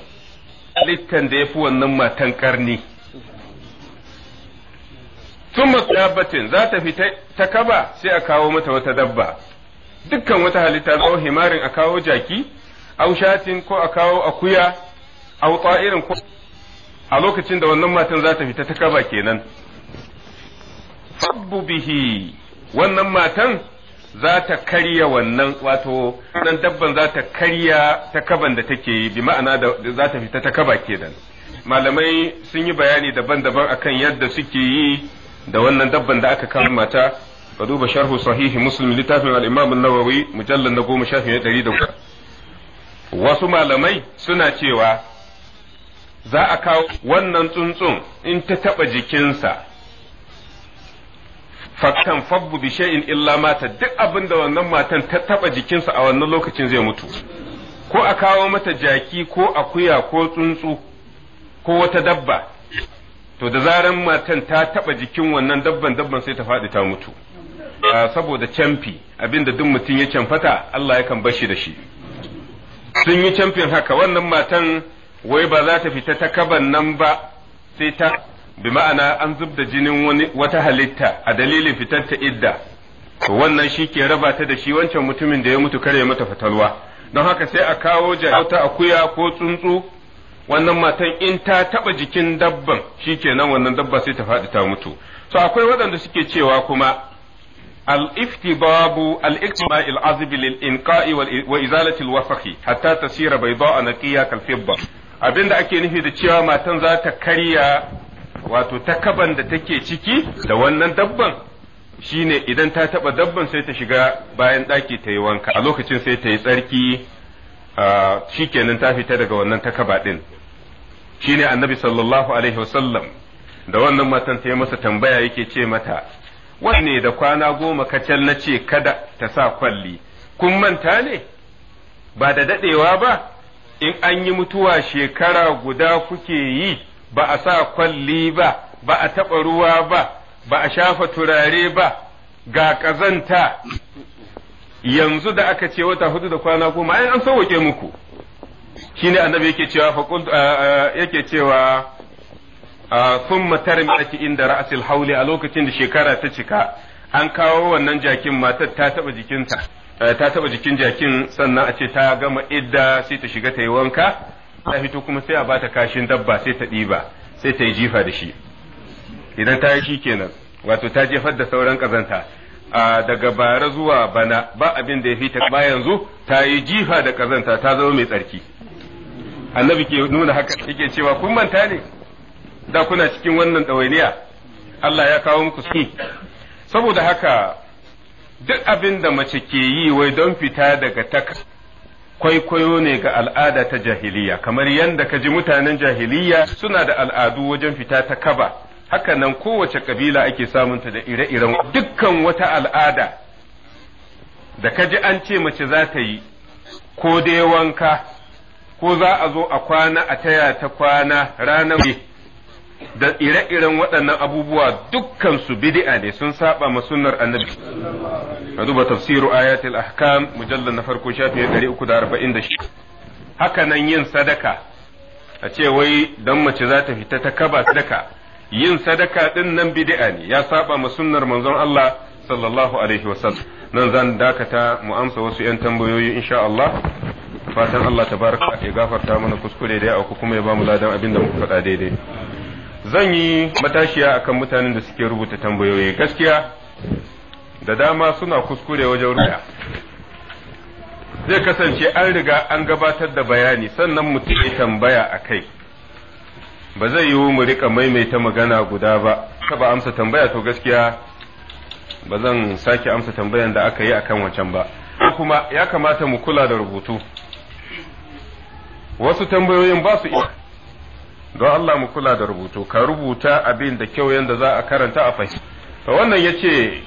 [SPEAKER 1] littan da ya fi wannan matan karni tun dabbatin za ta fita ta kaba sai a kawo mata wata dabba dukkan wata halitta zo himarin a kawo jaki aushatin ko a kawo akuya au ta'irin ko a lokacin da wannan matan za ta fita ta kaba kenan fabbu bihi wannan matan za ta karya wannan wato nan dabban za ta karya ta kaban da take yi bi ma'ana da za ta fita ta kaba kenan malamai sun yi bayani daban-daban akan yadda suke yi da wannan dabban da aka kama mata ka duba sharhu sahihi muslim littafin al-imam an-nawawi mujallal na goma shafi 100 wasu malamai suna cewa za a kawo wannan tsuntsun in ta taɓa jikinsa faktan fabbu bi shay'in illa mata duk abin da wannan matan ta taɓa jikinsa a wannan lokacin zai mutu ko a kawo mata jaki ko akuya ko tsuntsu ko wata dabba to da zaran matan ta taɓa jikin wannan dabban dabban sai ta faɗi ta mutu ah, saboda camfi abinda duk mutum ya camfata Allah yakan shi da shi sun yi camfin haka wannan matan wai ba za ta fita ta kaban nan ba sai ta bi ma'ana an zub da jinin wani wata halitta a dalilin fitar ta idda wannan shi ke raba ta da shi wancan mutumin da ya mutu kare mata fatalwa don haka sai a kawo ta akuya ko tsuntsu wannan matan in ta taba jikin dabban shi kenan wannan dabba sai ta faɗi ta mutu to akwai waɗanda suke cewa kuma al الافت الاجتماع العذب للإنقاء وإزالة الوسخ حتى تسير بيضاء نقية ba. abin da ake nufi da cewa matan za ta karya wato takaban da take ciki da wannan dabban shine idan ta taba dabban sai ta shiga bayan ɗaki ta yi wanka a lokacin sai ta yi tsarki kenan ta fita daga wannan takaba ɗin shine annabi sallallahu alaihi wasallam da wannan matan ta yi masa tambaya yake ce mata wanne da kwana goma kacal na ce kada ta sa kwalli kun manta ne ba da daɗewa ba in an yi mutuwa shekara guda kuke yi ba a sa kwalli ba ba a taɓa ruwa ba ba a shafa turare ba ga ƙazanta yanzu da aka ce wata hudu da kwana goma ai an sauwake muku shine annabi yake cewa faqul yake cewa thumma tarmi'ati inda ra'sil hauli a lokacin da shekara ta cika an kawo wannan jakin matar ta taɓa jikinta Eh, ta taba jikin jakin sannan a ce ta gama idda sai ta shiga ta yi wanka ta fito kuma sai a bata kashin dabba sai ta ɗiba sai ta yi jifa da shi idan ta yi shi kenan wato ta jefar da sauran kazanta daga bara zuwa bana ba abin da ya fi ta ba yanzu ta yi jifa da kazanta ta zama mai tsarki annabi ke nuna haka yake cewa kun manta ne da kuna cikin wannan ɗawainiya Allah ya kawo muku su saboda haka duk abin da mace ke yi wai don fita daga ta kwaikwayo ne ga al'ada ta jahiliya kamar yadda ka ji mutanen jahiliya suna da al'adu wajen fita ta kaba haka nan kowace kabila ake samunta da ire-iren dukkan wata al'ada da ka ji an ce mace za ta yi ko dai wanka ko za a zo a kwana a taya ta kwana ranar da ire-iren waɗannan abubuwa dukkansu bid'a ne sun saba ma sunnar annabi ka duba tafsiru ayatul ahkam mujallal na farko shafi 346 haka nan yin sadaka a ce wai dan mace za ta fita ta kaba sadaka yin sadaka din nan bid'a ne ya saba ma sunnar manzon Allah sallallahu alaihi wasallam nan zan dakata mu amsa wasu yan tambayoyi insha Allah fatan Allah tabaraka ya gafarta mana kuskure da ya auku kuma ya bamu ladan abin da muka faɗa daidai zan yi matashiya akan mutanen da suke rubuta tambayoyi gaskiya da dama suna kuskure wajen ruya zai kasance an riga an gabatar da bayani sannan mutum ya tambaya a kai ba zai yiwu mu rika maimaita magana guda ba ka ba amsa tambaya to gaskiya ba zan sake amsa tambayan da aka yi akan wancan ba kuma ya kamata mu kula da rubutu wasu tambayoyin ba su iya don Allah mu kula da rubutu ka rubuta abin da kyau yadda za a karanta a fahimta to wannan ya ce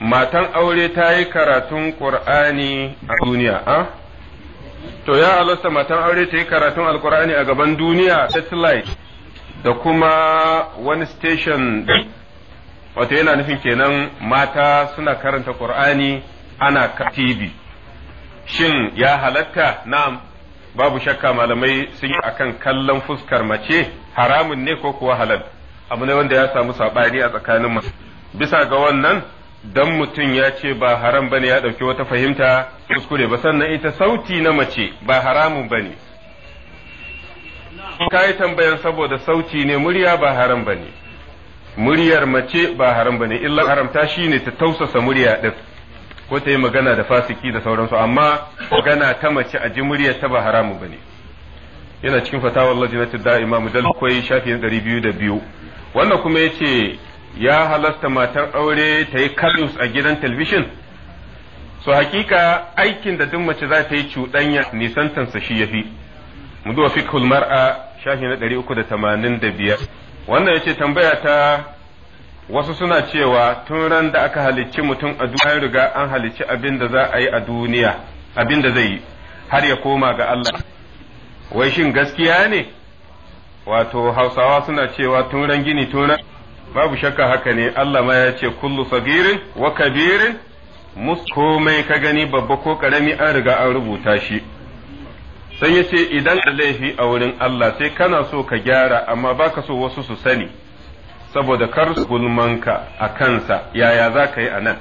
[SPEAKER 1] matan aure ta yi karatun ƙur'ani a duniya a to ya alasta matan aure ta yi karatun alƙur'ani a gaban duniya satellite da kuma wani station wato yana nufin kenan mata suna karanta ƙur'ani ana ka tv shin ya halatta na'am babu shakka malamai sun yi akan kallon fuskar mace haramun ne ko kuwa halal abu ne wanda ya samu saɓani a tsakanin masu bisa ga wannan dan mutum ya ce ba haram bane ya ɗauki wata fahimta kuskure ba sannan ita sauti na mace ba haramun bane ka yi tambayan saboda sauti ne murya ba haram bane muryar mace ba haram bane illa haramta shine ta tausasa murya din ko ta yi magana da fasiki da sauransu amma magana ta mace a ji muryar ta ba ba bane yana cikin fatawar lajinatu da'ima dal akwai shafi dari biyu da biyu wannan kuma ya ce ya halasta matar aure ta yi kalus a gidan talbishin su hakika aikin da duk mace za ta yi cuɗanya nisantansa shi ya fi muduwa Kulmar mar'a shafi na dari uku da tamanin da biyar wannan ya ce tambaya ta wasu suna cewa tun ran da aka halicci mutum a duniya riga an halicci abin da za a yi a duniya abin da zai yi har ya koma ga Allah wai shin gaskiya ne wato hausawa suna cewa tun ran gini tun ran babu shakka haka ne Allah ma ya ce kullu sagirin wa kabirin mus komai ka gani babba ko karami an riga an rubuta shi sai ya ce idan da laifi a wurin Allah sai kana so ka gyara amma baka so wasu su sani saboda kar su gulmanka a kansa yaya za ka yi a nan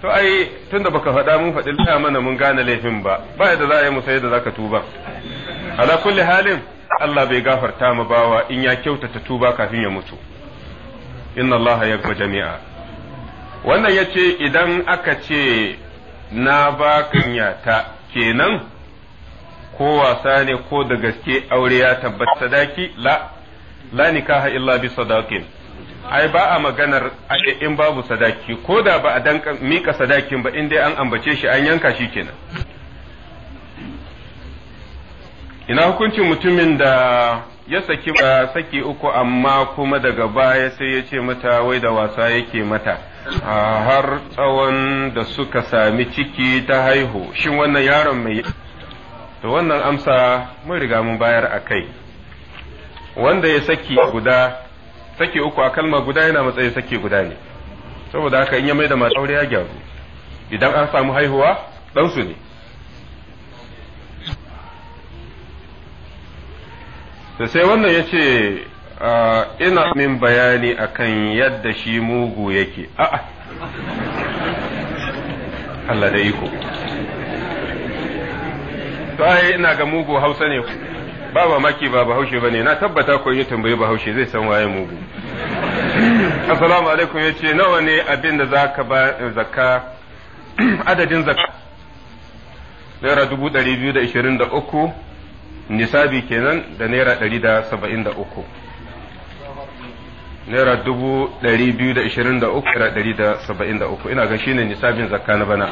[SPEAKER 1] to ai tunda baka faɗa mun faɗi lafiya mana mun gane laifin ba ba yadda za a yi musa yadda za ka tuba ala kulli halin Allah bai gafarta ma bawa in ya kyautata tuba kafin ya mutu inna Allah ya jami'a wannan ya ce idan aka ce na ba kanyata kenan ko wasa ne ko da gaske aure ya tabbata sadaki la la nikaha illa bi sadaqin ai ba a maganar in babu sadaki ko da ba a danka mika sadakin ba in dai an ambace shi an yanka shi kenan ina hukuncin mutumin da ya saki ba saki uku amma kuma daga baya sai ya ce mata wai da wasa yake mata har tsawon da suka sami ciki ta haihu shin wannan yaron mai to wannan amsa mun riga mun bayar a kai wanda ya saki guda sake uku a kalma guda yana matsayin sake guda ne saboda haka in ya mai da masu aure ya gyaru idan an samu haihuwa ɗansu ne da sai wannan ya ce ina min bayani akan yadda shi mugu yake a'a Allah da iko to ai ina ga mugu hausa ne ku ba mamaki ba bahaushe bane na tabbata ko ya tambayi bahaushe zai san waye mugu assalamu alaikum yace nawa ne abin da zaka ba eh, zakka adadin zakka naira dubu ɗari biyu da ishirin da uku nisabi kenan da naira ɗari da saba'in da uku naira dubu ɗari biyu da ishirin da uku naira ɗari da saba'in da uku ina ga shine nisabin zakka na bana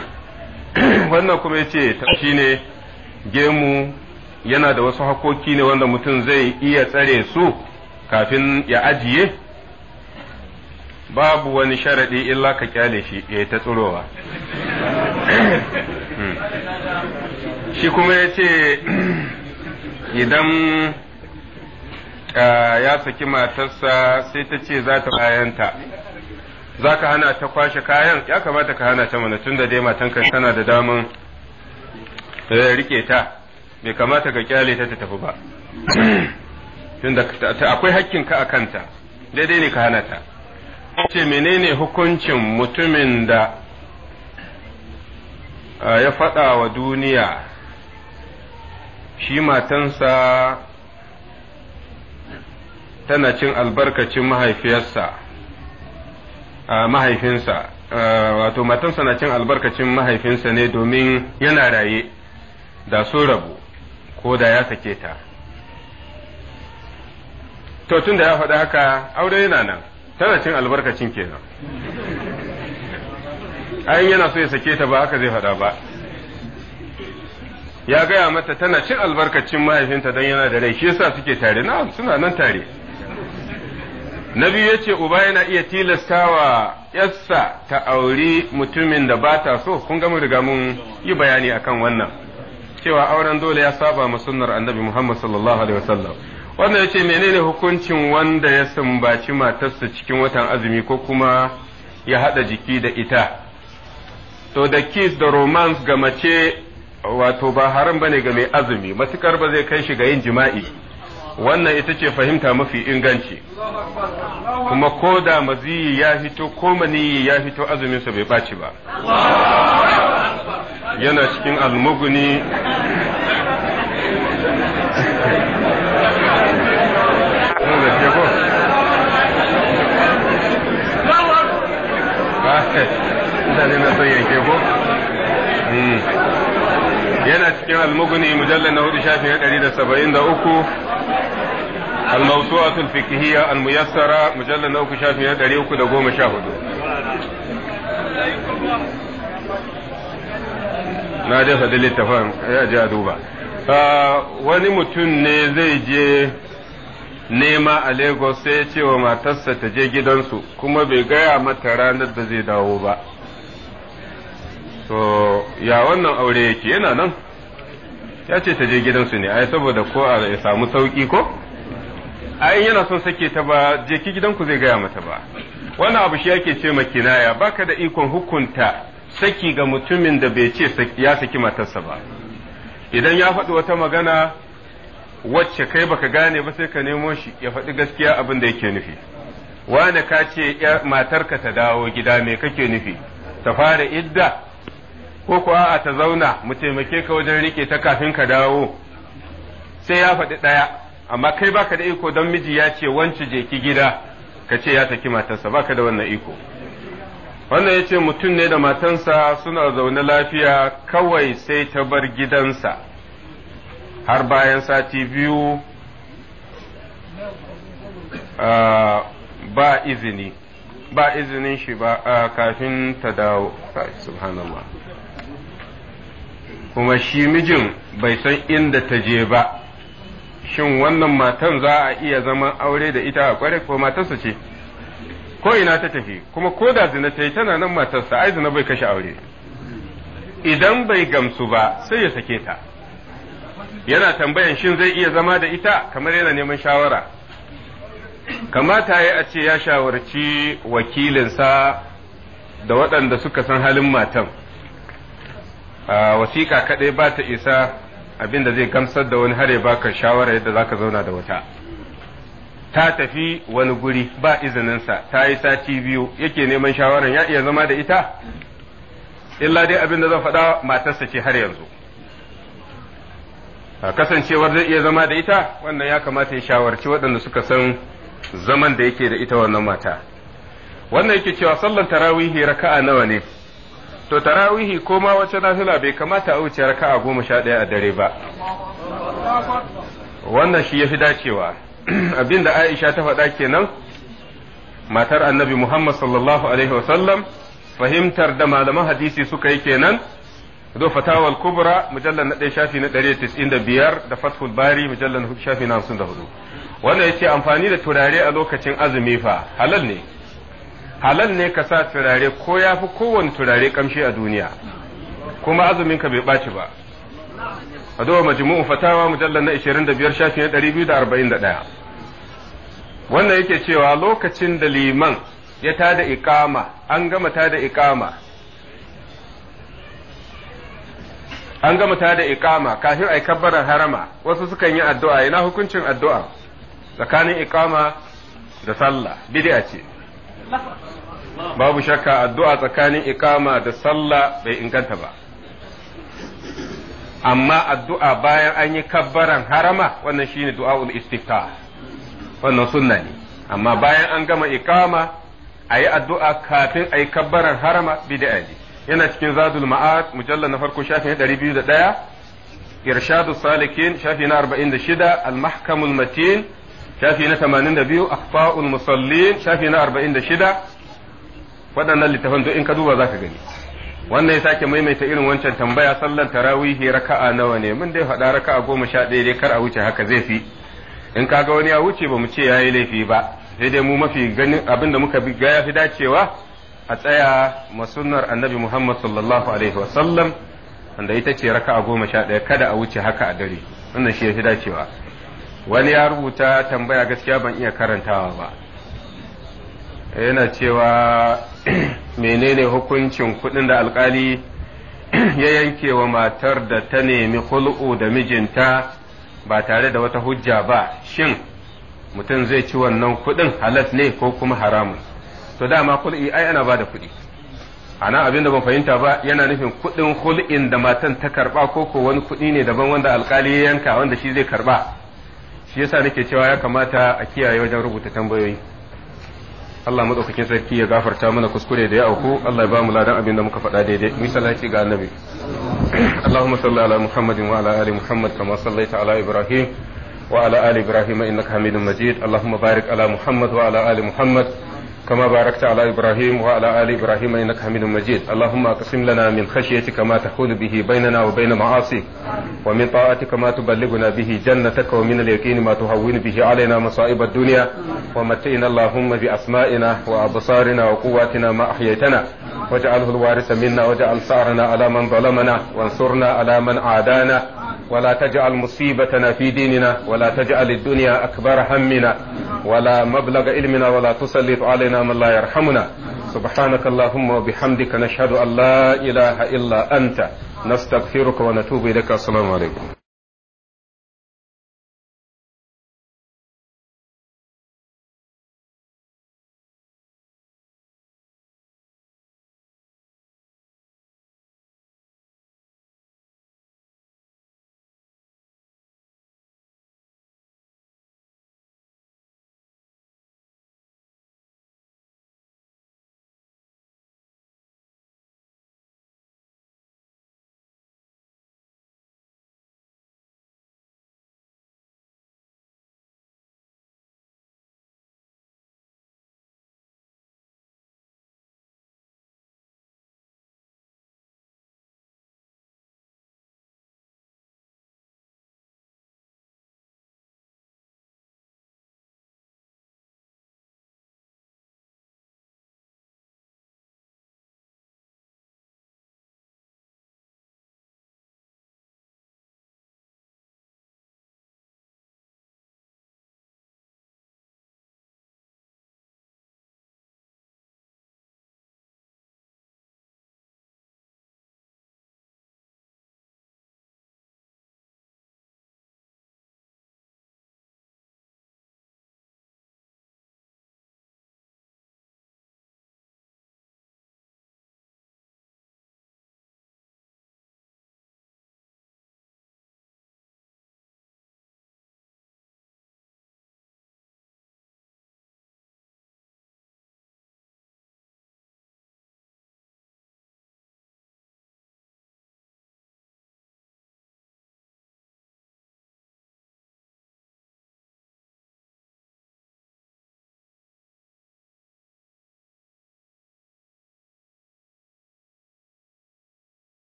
[SPEAKER 1] wannan kuma yace ta shine gemu yana da wasu hakoki ne wanda mutum zai iya tsare su kafin ya ajiye babu wani sharaɗi illa ka kyale shi ya eh, ta tsirowa hmm. shi kuma ya ce idan ah, ya saki matarsa sai ta ce za ta bayanta za ka hana ta kwashe kayan ya kamata ka hana ta mana tun da dai matanka tana da daman eh, rike ta bai kamata ka kyale ta ta tafi ba tunda akwai ka a kanta daidai ne ka hana ta ce menene hukuncin mutumin da ya faɗa wa duniya shi matansa tana cin albarkacin mahaifiyarsa mahaifinsa wato matansa na cin albarkacin mahaifinsa ne domin yana raye da sun rabu ko da ya sake ta to tun da ya faɗa haka aure yana nan tana cin albarkacin kenan ayin yana so ya sake ta ba haka zai faɗa ba ya gaya mata tana cin albarkacin mahaifinta don yana da rai shi yasa suke tare na suna nan tare na biyu ya ce uba yana iya tilasta wa yassa ta auri mutumin da ba ta so kun gama riga mun yi bayani akan wannan cewa auren dole ya saba ma sunnar annabi Muhammad sallallahu alaihi wasallam wanda ya ce menene hukuncin wanda ya sumbaci matarsa cikin watan azumi ko kuma ya haɗa jiki da ita to da kiss da romance ga mace wato ba haram bane ga mai azumi matukar ba zai kai shi ga yin jima'i wannan ita ce fahimta mafi inganci kuma ko da maziyi ya fito ko maniyi ya fito azumin sa bai baci ba yana cikin almuguni eh. yana cikin almaguni mujallar na hudu shafi na ɗari da saba'in da uku almautuwa tulfikihiyya almuyassara mujallar na uku shafi na ɗari uku da goma sha hudu na dai faɗi littafin ya eh, je a duba ah, wani mutum ne zai je nema a lagos sai ya ce wa matarsa ta je gidansu kuma bai gaya mata ranar da zai dawo ba ya wannan aure yake yana nan ya ce ta je gidansu ne ai saboda ko a ya samu sauki ko ai yana son sake ta ba je gidanku zai gaya mata ba wannan abu shi yake ce ma kinaya baka da ikon hukunta saki ga mutumin da bai ce ya saki matarsa ba idan ya faɗi wata magana wacce kai baka gane ba sai ka nemo shi ya faɗi gaskiya abin da yake nufi wane ka ce matarka ta dawo gida me kake nufi ta fara idda ko ko a'a ta zauna mu taimake ka wajen rike ta kafin ka dawo sai ya faɗi ɗaya amma kai baka da iko don miji ya ce wance je ki gida ka ce ya saki matarsa baka da wannan iko wannan ya ce mutum ne da matansa suna zaune lafiya kawai sai ta bar gidansa har bayan sati biyu ba izini ba izinin shi ba kafin ta dawo subhanallah kuma shi mijin bai san inda ta je ba shin wannan matan za a iya zama aure da ita a kware ko matarsa ce ko ina ta tafi kuma ko da zina ta yi tana nan matarsa ai zina bai kashe aure idan bai gamsu ba sai ya sake ta yana tambayan shin zai iya zama da ita kamar yana neman shawara kamata ya a ce ya shawarci wakilinsa da waɗanda suka san halin matan wasiƙa kaɗai ba ta isa abinda zai gamsar da wani har baka shawara yadda zaka zauna da wata ta tafi wani guri ba izininsa ta yi sati biyu yake neman shawaran ya iya zama da ita illa dai abin da zan faɗa matarsa ce har yanzu A kasancewar zai iya zama da ita wannan ya kamata ya shawarci waɗanda suka san zaman da yake da ita wannan mata wannan yake cewa sallan tarawihi raka'a nawa ne to tarawihi ko ma wace nafila bai kamata a wuce raka'a goma sha ɗaya a dare ba wannan shi ya fi dacewa abin da Aisha ta faɗa kenan matar annabi Muhammad sallallahu alaihi wasallam fahimtar da malaman hadisi suka yi kenan do fatawal kubra mujallar na ɗaya shafi na ɗari tis'in da biyar da fathul bari mujallar shafi na hamsin da hudu wannan ya ce amfani da turare a lokacin azumi fa halal ne halal ne ka sa turare ko ya fi kowane turare kamshi a duniya kuma azumin ka bai ɓaci ba a dawa majmu'u fatawa mujallal na 25 shafi na 241 wannan yake cewa lokacin da liman ya tada ikama an gama tada ikama an gama tada ikama kafin ai kabbaran harama wasu sukan yi addu'a ina hukuncin addu'a tsakanin ikama da sallah bid'a ce babu shakka addu'a tsakanin ikama da sallah bai inganta ba amma addu'a bayan an yi kabbaran harama wannan shi ne du'a'ul istifta wannan sunna ne amma bayan an gama ikama a yi addu'a kafin a yi kabbaran harama bid'a ne yana cikin zadul ma'ad mujallar na farko shafin 201 irshadu salikin shafi na 46 al-mahkamul matin shafi na 82 akhfa'ul musallin shafi na 46 waɗannan littafan duk in ka duba zaka gani wannan ya sake maimaita irin wancan tambaya sallar tarawihi raka'a nawa ne mun dai faɗa raka'a goma sha ɗaya dai kar a wuce haka zai fi in ka ga wani ya wuce ba mu ce ya yi laifi ba sai dai mu mafi ganin abin da muka ga ya fi dacewa a tsaya ma sunnar annabi Muhammad sallallahu alaihi wa sallam wanda ita ce raka'a goma sha ɗaya kada a wuce haka a dare wannan shi ya fi dacewa wani ya rubuta tambaya gaskiya ban iya karantawa ba yana cewa menene hukuncin kudin da alkali ya yanke wa matar da ta nemi hul'u da mijinta ba tare da wata hujja ba shin mutum zai ci wannan kudin halas ne ko kuma haramun to dama kul'i ai ana ba da kuɗi ana abin da ban fahimta ba yana nufin kudin hul'in da matan ta karba ko ko wani kudi ne daban wanda alkali ya yanka wanda shi zai karba shi yasa nake cewa ya kamata a kiyaye wajen rubuta tambayoyi Allah maɗaukakin sarki ya gafarta mana kuskure da ya auku Allah ya ba mu ladan abin da muka faɗa daidai mu salati ga annabi Allahumma salli ala Muhammadin wa ala ali Muhammad kama sallaita ala Ibrahim wa ala ali Ibrahim innaka Hamidum Majid Allahumma barik ala Muhammad wa ala ali Muhammad كما باركت على إبراهيم وعلى آل إبراهيم إنك حميد مجيد اللهم أقسم لنا من خشيتك ما تحول به بيننا وبين معاصيك ومن طاعتك ما تبلغنا به جنتك ومن اليقين ما تهون به علينا مصائب الدنيا ومتئنا اللهم بأسمائنا وأبصارنا وقواتنا ما أحييتنا واجعله الوارث منا واجعل ثارنا على من ظلمنا وانصرنا على من عادانا ولا تجعل مصيبتنا في ديننا ولا تجعل الدنيا أكبر همنا ولا مبلغ علمنا ولا تسلط علينا من لا يرحمنا سبحانك اللهم وبحمدك نشهد أن لا إله
[SPEAKER 3] إلا أنت نستغفرك ونتوب إليك السلام عليكم